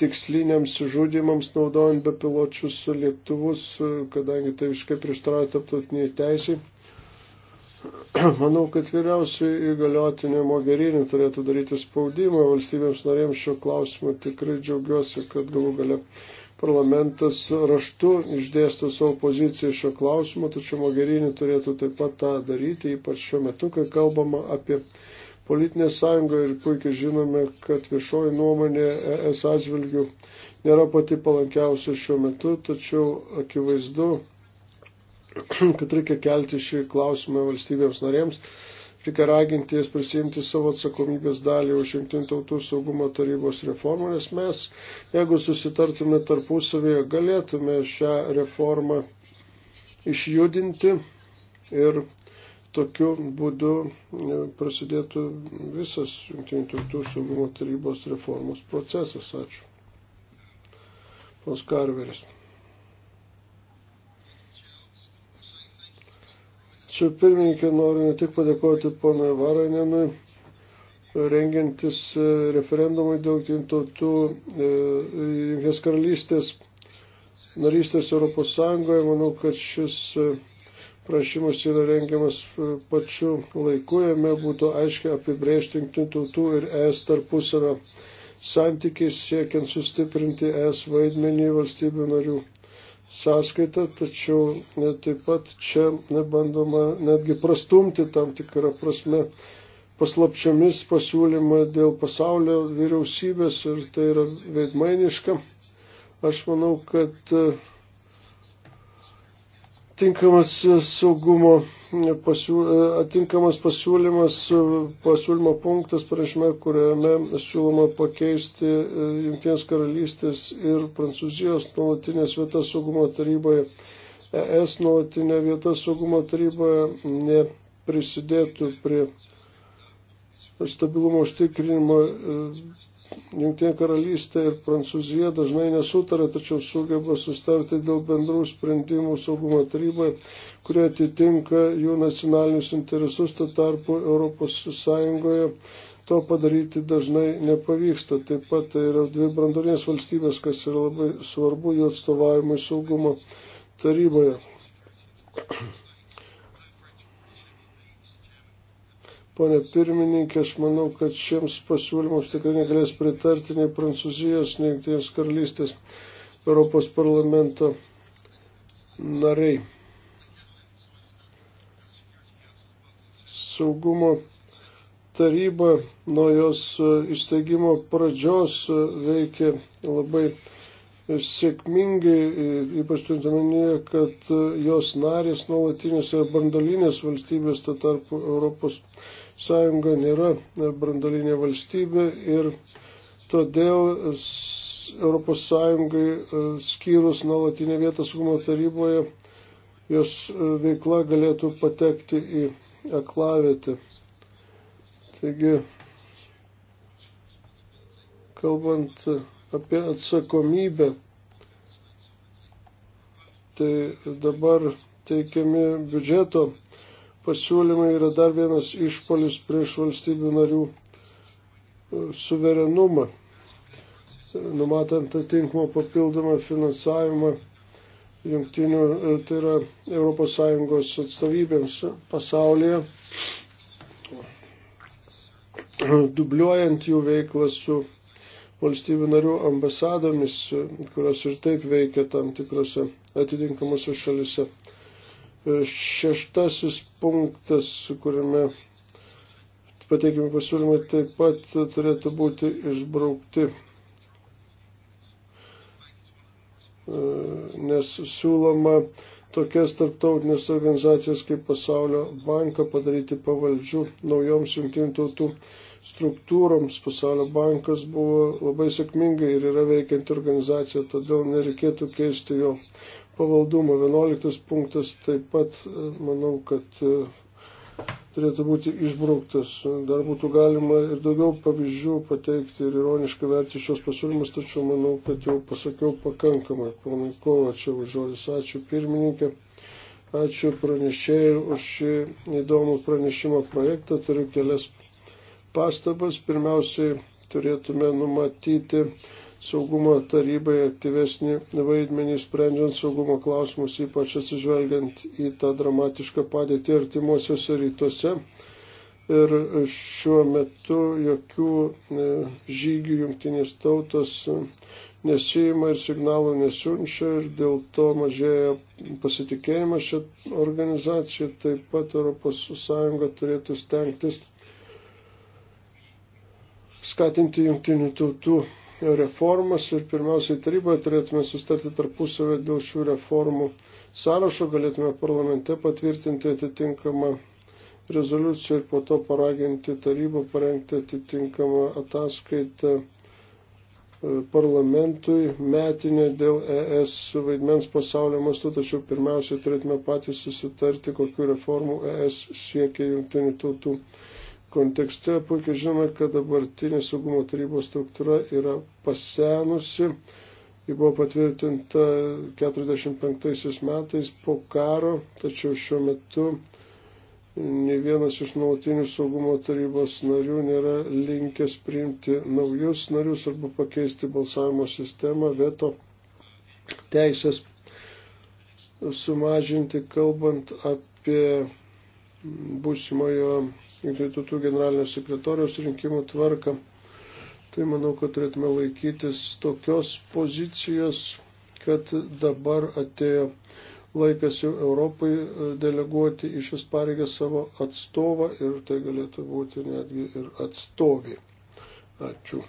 tiksliniams žudimams naudojant bepiločius lėktuvus, e, kadangi tai visiškai prieštarauja taptautiniai teisiai. Manau, kad vyriausiai įgaliotinė Mogherini turėtų daryti spaudimą valstybėms narėms šio klausimu. Tikrai džiaugiuosi, kad galų gale parlamentas raštu išdėsto savo poziciją šio klausimo, tačiau Mogherini turėtų taip pat tą daryti, ypač šiuo metu, kai kalbama apie politinę sąjungą ir puikiai žinome, kad viešoji nuomonė ES atžvilgių nėra pati palankiausia šiuo metu, tačiau akivaizdu, kad reikia kelti šį klausimą valstybėms narėms reikia raginti jas prisimti savo atsakomybės dalį už jungtinių tautų saugumo tarybos reformą, nes mes, jeigu susitartume tarpusavėje, galėtume šią reformą išjudinti ir tokiu būdu e, prasidėtų visas Junktinių tautų saugumo tarybos reformos procesas. Ačiū. Pons Karveris. Čia pirmininkė noriu ne tik padėkoti ponui Varainenui, rengiantis e, referendumui dėl tautų e, Junkės karalystės narystės Europos Sąjungoje. Manau, kad šis e, prašymas yra rengiamas pačiu laiku, jame būtų aiškiai apibrėžti jungtinių tautų ir ES tarpusavio santykiai siekiant sustiprinti ES vaidmenį valstybių narių sąskaitą, tačiau ne, taip pat čia nebandoma netgi prastumti tam tikrą prasme paslapčiomis pasiūlymą dėl pasaulio vyriausybės ir tai yra veidmainiška. Aš manau, kad e, tinkamas saugumo pasiūl, e, atinkamas pasiūlymas, e, pasiūlymo punktas prašymė, kuriame siūloma pakeisti e, Junktinės karalystės ir Prancūzijos nuolatinės vietas saugumo taryboje. ES nuolatinė vieta saugumo taryboje neprisidėtų prie stabilumo užtikrinimo Jungtinė karalystė ir Prancūzija dažnai nesutarė, tačiau sugeba sustarti dėl bendrų sprendimų saugumo tarybai, kurie atitinka jų nacionalinius interesus, tuo tarpu ES to padaryti dažnai nepavyksta. Taip pat tai yra dvi brandurinės valstybės, kas yra labai svarbu jų atstovavimui saugumo taryboje. Pone pirmininkė, aš manau, kad šiems pasiūlymams tikrai negalės pritarti nei Prancūzijos, nei Jungtinės karalystės Europos parlamento nariai. Saugumo taryba nuo jos e, įsteigimo pradžios e, veikė labai sėkmingai, e, ypač turint omenyje, kad jos narės nuolatinės ir bandalinės valstybės, ta tarpu Europos Sąjunga nėra brandalinė valstybė ir todėl Europos Sąjungai e, skyrus nuolatinę vietą saugumo taryboje, jos e, veikla galėtų patekti į aklavietę. Taigi, kalbant apie atsakomybę, tai dabar teikiami biudžeto pasiūlymai yra dar vienas išpolis prieš valstybių narių e, suverenumą, e, numatant atinkamą papildomą finansavimą jungtinių, e, tai yra ES atstovybėms pasaulyje, dubliuojant jų veiklą su valstybių narių ambasadomis, kurios ir taip veikia tam tikrose atitinkamose šalise. Šeštasis punktas, kuriame pateikimi pasiūlymai taip pat turėtų būti išbraukti, nes siūloma tokias tarptautinės organizacijas kaip Pasaulio banką padaryti pavaldžių naujoms jungtinių tautų struktūroms. Pasaulio bankas buvo labai sėkmingai ir yra veikianti organizacija, todėl nereikėtų keisti jo pavaldumo. 11 punktas taip pat, e, manau, kad e, turėtų būti išbrauktas. Dar būtų galima ir daugiau pavyzdžių pateikti ir ironiškai verti šios pasiūlymus, tačiau manau, kad jau pasakiau pakankamai. Ponai Kovačiau, žodis ačiū pirmininkė. Ačiū pranešėjai už šį įdomų pranešimo projektą. Turiu kelias pastabas. Pirmiausiai turėtume numatyti saugumo tarybai aktyvesnį vaidmenį sprendžiant saugumo klausimus, ypač atsižvelgiant į tą dramatišką padėtį artimuosiuose rytuose. Ir šiuo metu jokių e, žygių jungtinės tautos e, nesijima ir signalų nesiunčia ir dėl to mažėja pasitikėjimas šią organizaciją. Taip pat ES turėtų stengtis skatinti jungtinių tautų reformas ir pirmiausiai taryboje turėtume sustarti tarpusavę dėl šių reformų sąrašo, galėtume parlamente patvirtinti atitinkamą rezoliuciją ir po to paraginti tarybą parengti atitinkamą ataskaitą e, parlamentui metinė dėl ES vaidmens pasaulio mastu, tačiau pirmiausiai turėtume patys susitarti, kokiu reformu ES siekia jungtinių tautų kontekste puikiai žinome, kad dabartinė saugumo tarybos struktūra yra pasenusi. Ji buvo patvirtinta 45 metais po karo, tačiau šiuo metu ne vienas iš nuolatinių saugumo tarybos narių nėra linkęs priimti naujus narius arba pakeisti balsavimo sistemą, veto teisės sumažinti, kalbant apie būsimojo Junktinių tautų generalinio sekretoriaus rinkimų tvarką. Tai manau, kad turėtume laikytis tokios pozicijos, kad dabar atėjo laikas jau Europai e, deleguoti į šias pareigas savo atstovą ir tai galėtų būti netgi ir atstovė. Ačiū.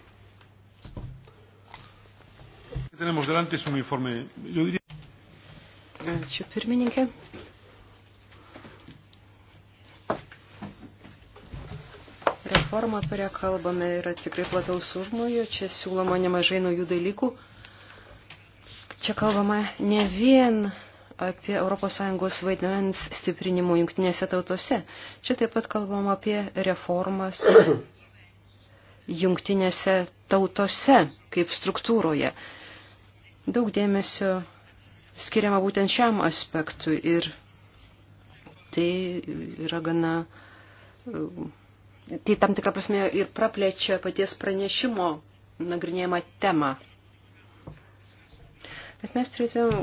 Ačiū pirmininkė. reforma, apie kurią kalbame, yra tikrai plataus užmojo. Čia siūloma nemažai naujų dalykų. Čia kalbama ne vien apie ES vaidmens stiprinimo jungtinėse tautose. Čia taip pat kalbama apie reformas jungtinėse tautose kaip struktūroje. Daug dėmesio skiriama būtent šiam aspektui ir tai yra gana tai tam tikrą prasme ir praplečia paties pranešimo nagrinėjimą temą. Bet mes turėtume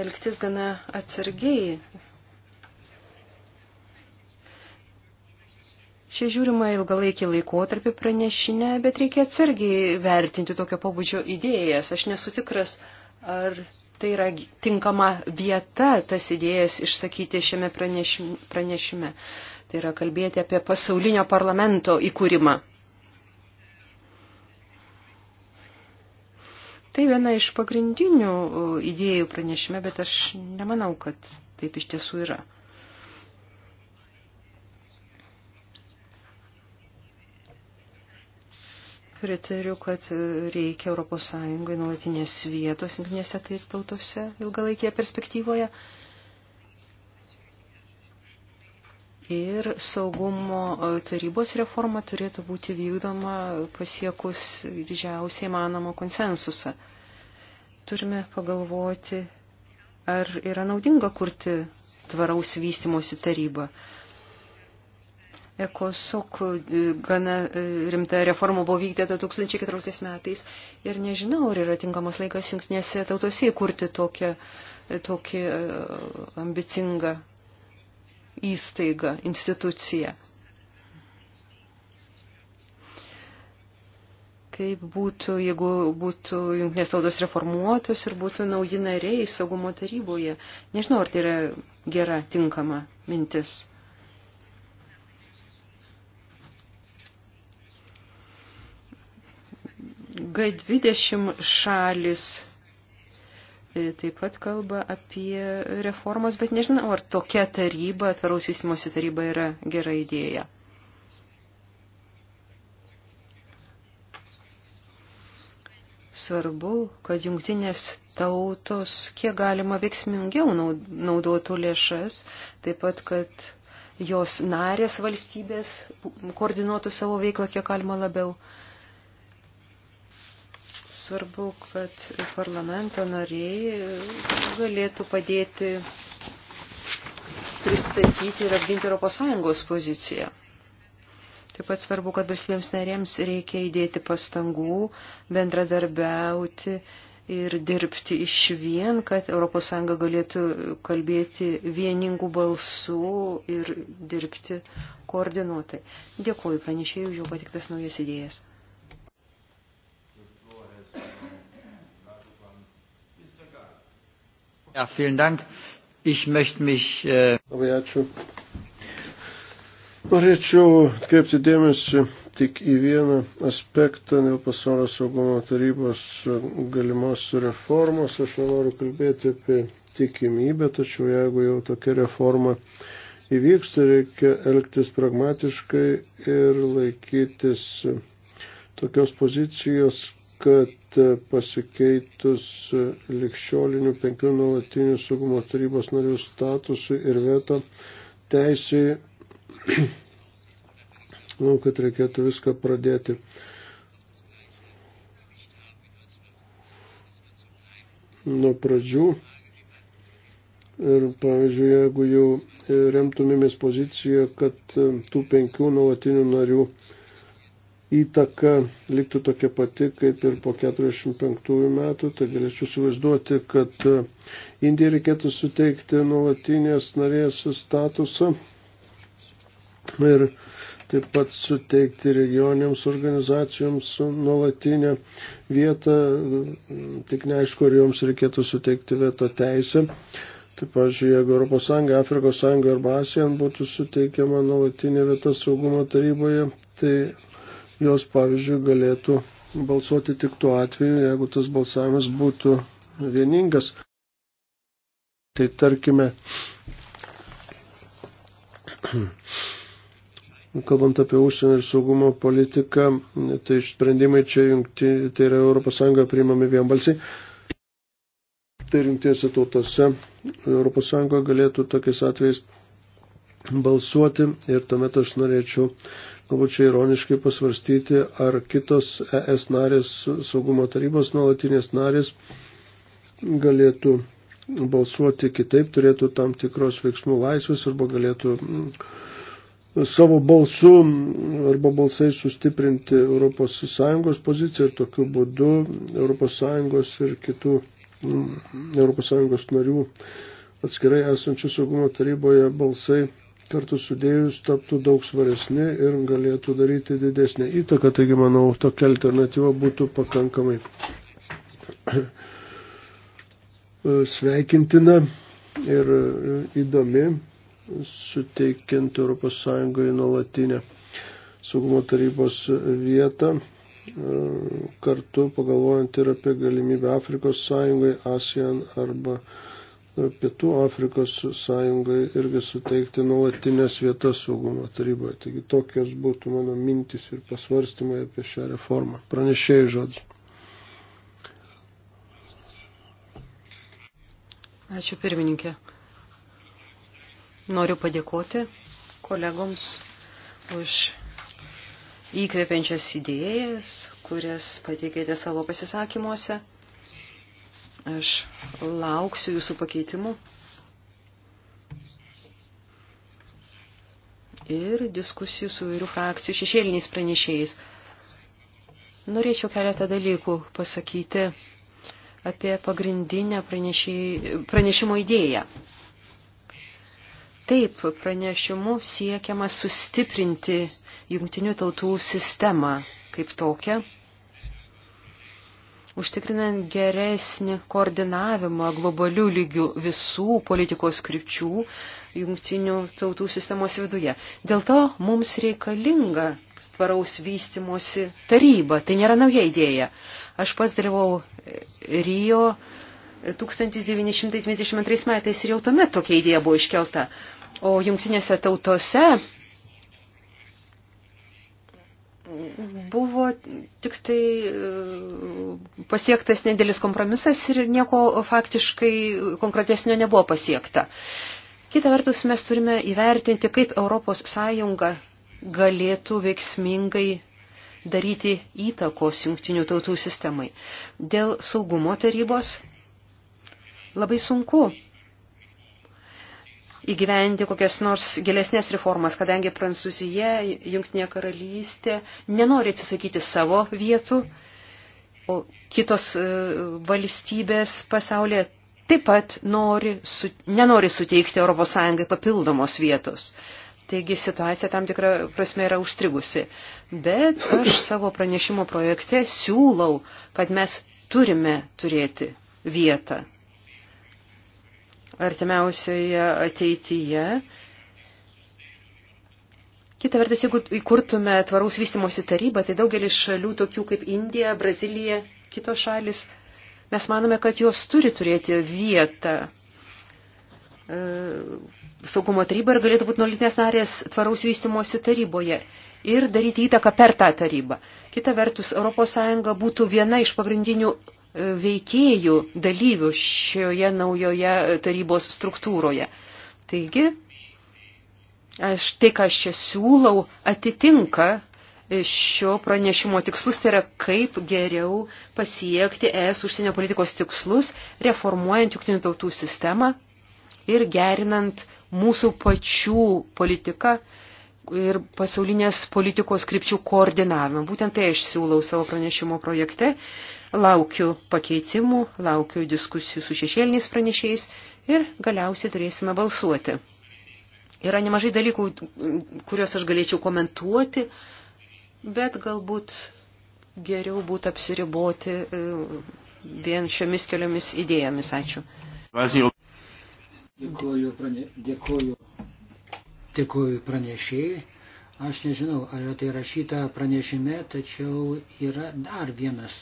elgtis gana atsargiai. Čia žiūrima ilgalaikį laikotarpį pranešinę, bet reikia atsargiai vertinti tokio pobūdžio idėjas. Aš nesu tikras, ar tai yra tinkama vieta tas idėjas išsakyti šiame pranešime. pranešime. Tai yra kalbėti apie pasaulinio parlamento įkūrimą. Tai viena iš pagrindinių idėjų pranešime, bet aš nemanau, kad taip iš tiesų yra. Pritariu, kad reikia ES nuolatinės vietos jungtinėse tai tautose ilgalaikėje perspektyvoje. Ir saugumo e, tarybos reforma turėtų būti vykdoma pasiekus didžiausiai manomą konsensusą. Turime pagalvoti, ar yra naudinga kurti tvaraus vystimosi tarybą. Ekosok e, gana e, rimta reforma buvo vykdyta 2014 metais ir nežinau, ar yra tinkamas laikas jungtinėse tautose įkurti tokią, tokį ambicingą įstaiga, institucija. Kaip būtų, jeigu būtų jungtinės tautos reformuotos ir būtų nauji nariai saugumo taryboje. Nežinau, ar tai yra gera, tinkama mintis. G20 šalis E, taip pat kalba apie reformas, bet nežinau, ar tokia taryba, tvaraus vystimosi taryba yra gera idėja. Svarbu, kad jungtinės tautos kiek galima veiksmingiau naudotų lėšas, taip pat, kad jos narės valstybės koordinuotų savo veiklą kiek galima labiau. Svarbu, kad parlamento nariai galėtų padėti pristatyti ir apginti ES poziciją. Taip pat svarbu, kad valstybėms narėms reikia įdėti pastangų, bendradarbiauti ir dirbti iš vien, kad ES galėtų kalbėti vieningų balsų ir dirbti koordinuotai. Dėkuoju pranešėjų už jau patiktas naujas idėjas. Ja, vielen Dank. Ich möchte mich. Äh... Labai ačiū. Norėčiau atkreipti dėmesį tik į vieną aspektą dėl pasaulio saugumo tarybos galimos reformos. Aš nenoriu kalbėti apie tikimybę, tačiau jeigu jau tokia reforma įvyks, reikia elgtis pragmatiškai ir laikytis tokios pozicijos, kad pasikeitus likščiolinių penkių nuolatinių saugumo tarybos narių statusui ir veto teisėjai, manau, kad reikėtų viską pradėti. Nuo pradžių. Ir, pavyzdžiui, jeigu jau remtumėmės poziciją, kad tų penkių nuolatinių narių uh, įtaka liktų tokia pati kaip ir po 45 metų, tai galėčiau suvaizduoti, kad e, Indijai reikėtų suteikti nuolatinės narės statusą ir taip pat suteikti regioniams organizacijoms nuolatinę vietą, tik neaišku, ar joms reikėtų suteikti veto teisę. Tai, pažiūrėjau, jeigu Europos Sąjunga, Afrikos Sąjunga arba ASEAN būtų suteikiama nuolatinė vieta saugumo taryboje, tai jos, pavyzdžiui, galėtų balsuoti tik tuo atveju, jeigu tas balsavimas būtų vieningas. Tai tarkime, kalbant apie užsienio ir saugumo politiką, tai sprendimai čia jungti, tai yra ES priimami vienbalsiai. Tai rinktinėse tautose ES galėtų tokiais atvejais balsuoti ir tuomet aš norėčiau, galbūt čia ironiškai pasvarstyti, ar kitos ES narės, saugumo tarybos nuolatinės narės galėtų balsuoti kitaip, turėtų tam tikros veiksmų laisvės arba galėtų mm, savo balsu arba balsai sustiprinti ES poziciją ir tokiu būdu ES ir kitų mm, ES narių atskirai esančių saugumo taryboje balsai kartu sudėjus taptų daug svaresni ir galėtų daryti didesnį įtaką. Taigi, manau, tokia alternatyva būtų pakankamai sveikintina ir įdomi, suteikiant ES nuolatinę saugumo tarybos vietą kartu pagalvojant ir apie galimybę Afrikos sąjungai, ASEAN arba uh, Pietų Afrikos sąjungai irgi suteikti nuolatinės vietas saugumo taryboje. Taigi tokios būtų mano mintis ir pasvarstymai apie šią reformą. Pranešėjai žodžiu. Ačiū pirmininkė. Noriu padėkoti kolegoms už įkvepiančias idėjas, kurias pateikėte savo pasisakymuose. Aš lauksiu jūsų pakeitimų. Ir diskusijų su vairių frakcijų šešėliniais pranešėjais. Norėčiau keletą dalykų pasakyti apie pagrindinę pranešimo idėją. Taip, pranešimu siekiama sustiprinti jungtinių tautų sistemą kaip tokią užtikrinant geresnį koordinavimą globalių lygių visų politikos krypčių jungtinių tautų sistemos viduje. Dėl to mums reikalinga tvaraus vystimosi taryba. Tai nėra nauja idėja. Aš pats dirbau Rio 1992 metais ir jau tuomet tokia idėja buvo iškelta. O jungtinėse tautose buvo tik tai e, pasiektas nedėlis kompromisas ir nieko faktiškai konkretesnio nebuvo pasiekta. Kita vertus, mes turime įvertinti, kaip ES galėtų veiksmingai daryti įtakos jungtinių tautų sistemai. Dėl saugumo tarybos labai sunku įgyventi kokias nors gilesnės reformas, kadangi Prancūzija, Junktinė karalystė nenori atsisakyti savo vietų, o kitos e, valstybės pasaulyje taip pat nori, su, nenori suteikti ES papildomos vietos. Taigi situacija tam tikra prasme yra užstrigusi. Bet aš savo pranešimo projekte siūlau, kad mes turime turėti vietą artimiausioje ateityje. Kita vertus, jeigu įkurtume tvaraus vystimosi tarybą, tai daugelis šalių, tokių kaip Indija, Brazilija, kitos šalis, mes manome, kad jos turi turėti vietą e, saugumo taryba ir galėtų būti nuolitinės narės tvaraus vystimosi taryboje ir daryti įtaką per tą tarybą. Kita vertus, ES būtų viena iš pagrindinių veikėjų, dalyvių šioje naujoje tarybos struktūroje. Taigi, aš tai, ką aš čia siūlau, atitinka šio pranešimo tikslus, tai yra kaip geriau pasiekti ES užsienio politikos tikslus, reformuojant jungtinių tautų sistemą ir gerinant mūsų pačių politiką ir pasaulinės politikos krypčių koordinavimą. Būtent tai aš siūlau savo pranešimo projekte Laukiu pakeitimų, laukiu diskusijų su šešėliniais pranešėjais ir galiausiai turėsime balsuoti. Yra nemažai dalykų, kuriuos aš galėčiau komentuoti, bet galbūt geriau būtų apsiriboti e, vien šiomis keliomis idėjomis. Ačiū. Dėkuoju, prane, dėkuoju. dėkuoju pranešėjai. Aš nežinau, ar tai rašyta pranešime, tačiau yra dar vienas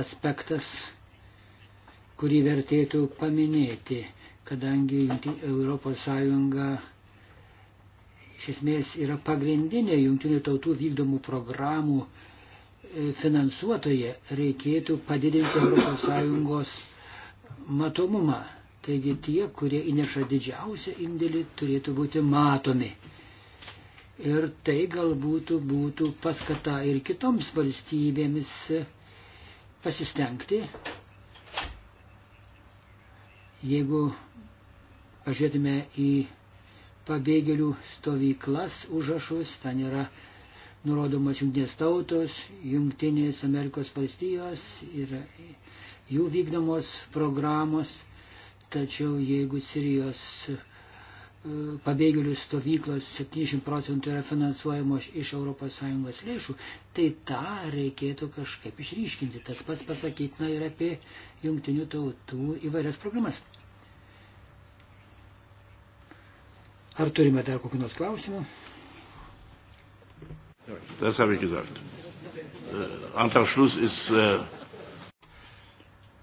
aspektas, kurį vertėtų paminėti, kadangi ES iš esmės yra pagrindinė jungtinių tautų vykdomų programų e, finansuotoje, reikėtų padidinti ES matomumą. Taigi tie, kurie įneša didžiausią indėlį, turėtų būti matomi. Ir tai galbūt būtų paskata ir kitoms valstybėmis pasistengti, jeigu pažiūrėtume į pabėgėlių stovyklas užrašus, ten yra nurodomas jungtinės tautos, jungtinės Amerikos valstijos ir jų vykdomos programos, tačiau jeigu Sirijos pabėgėlių stovyklos 70 procentų yra finansuojamos iš ES lėšų, tai tą reikėtų kažkaip išryškinti. Tas pats pasakytina ir apie jungtinių tautų įvairias programas. Ar turime dar kokių nors klausimų? Das habe ich gesagt. Äh, Antrag Schluss ist. Äh,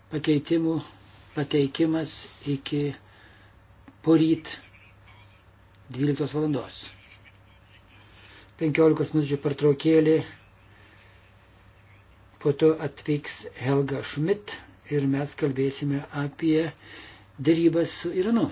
Pakeitimų pateikimas iki poryt 12 valandos. 15 minučių pertraukėlį, po to atvyks Helga Schmidt ir mes kalbėsime apie dėrybas su Iranu.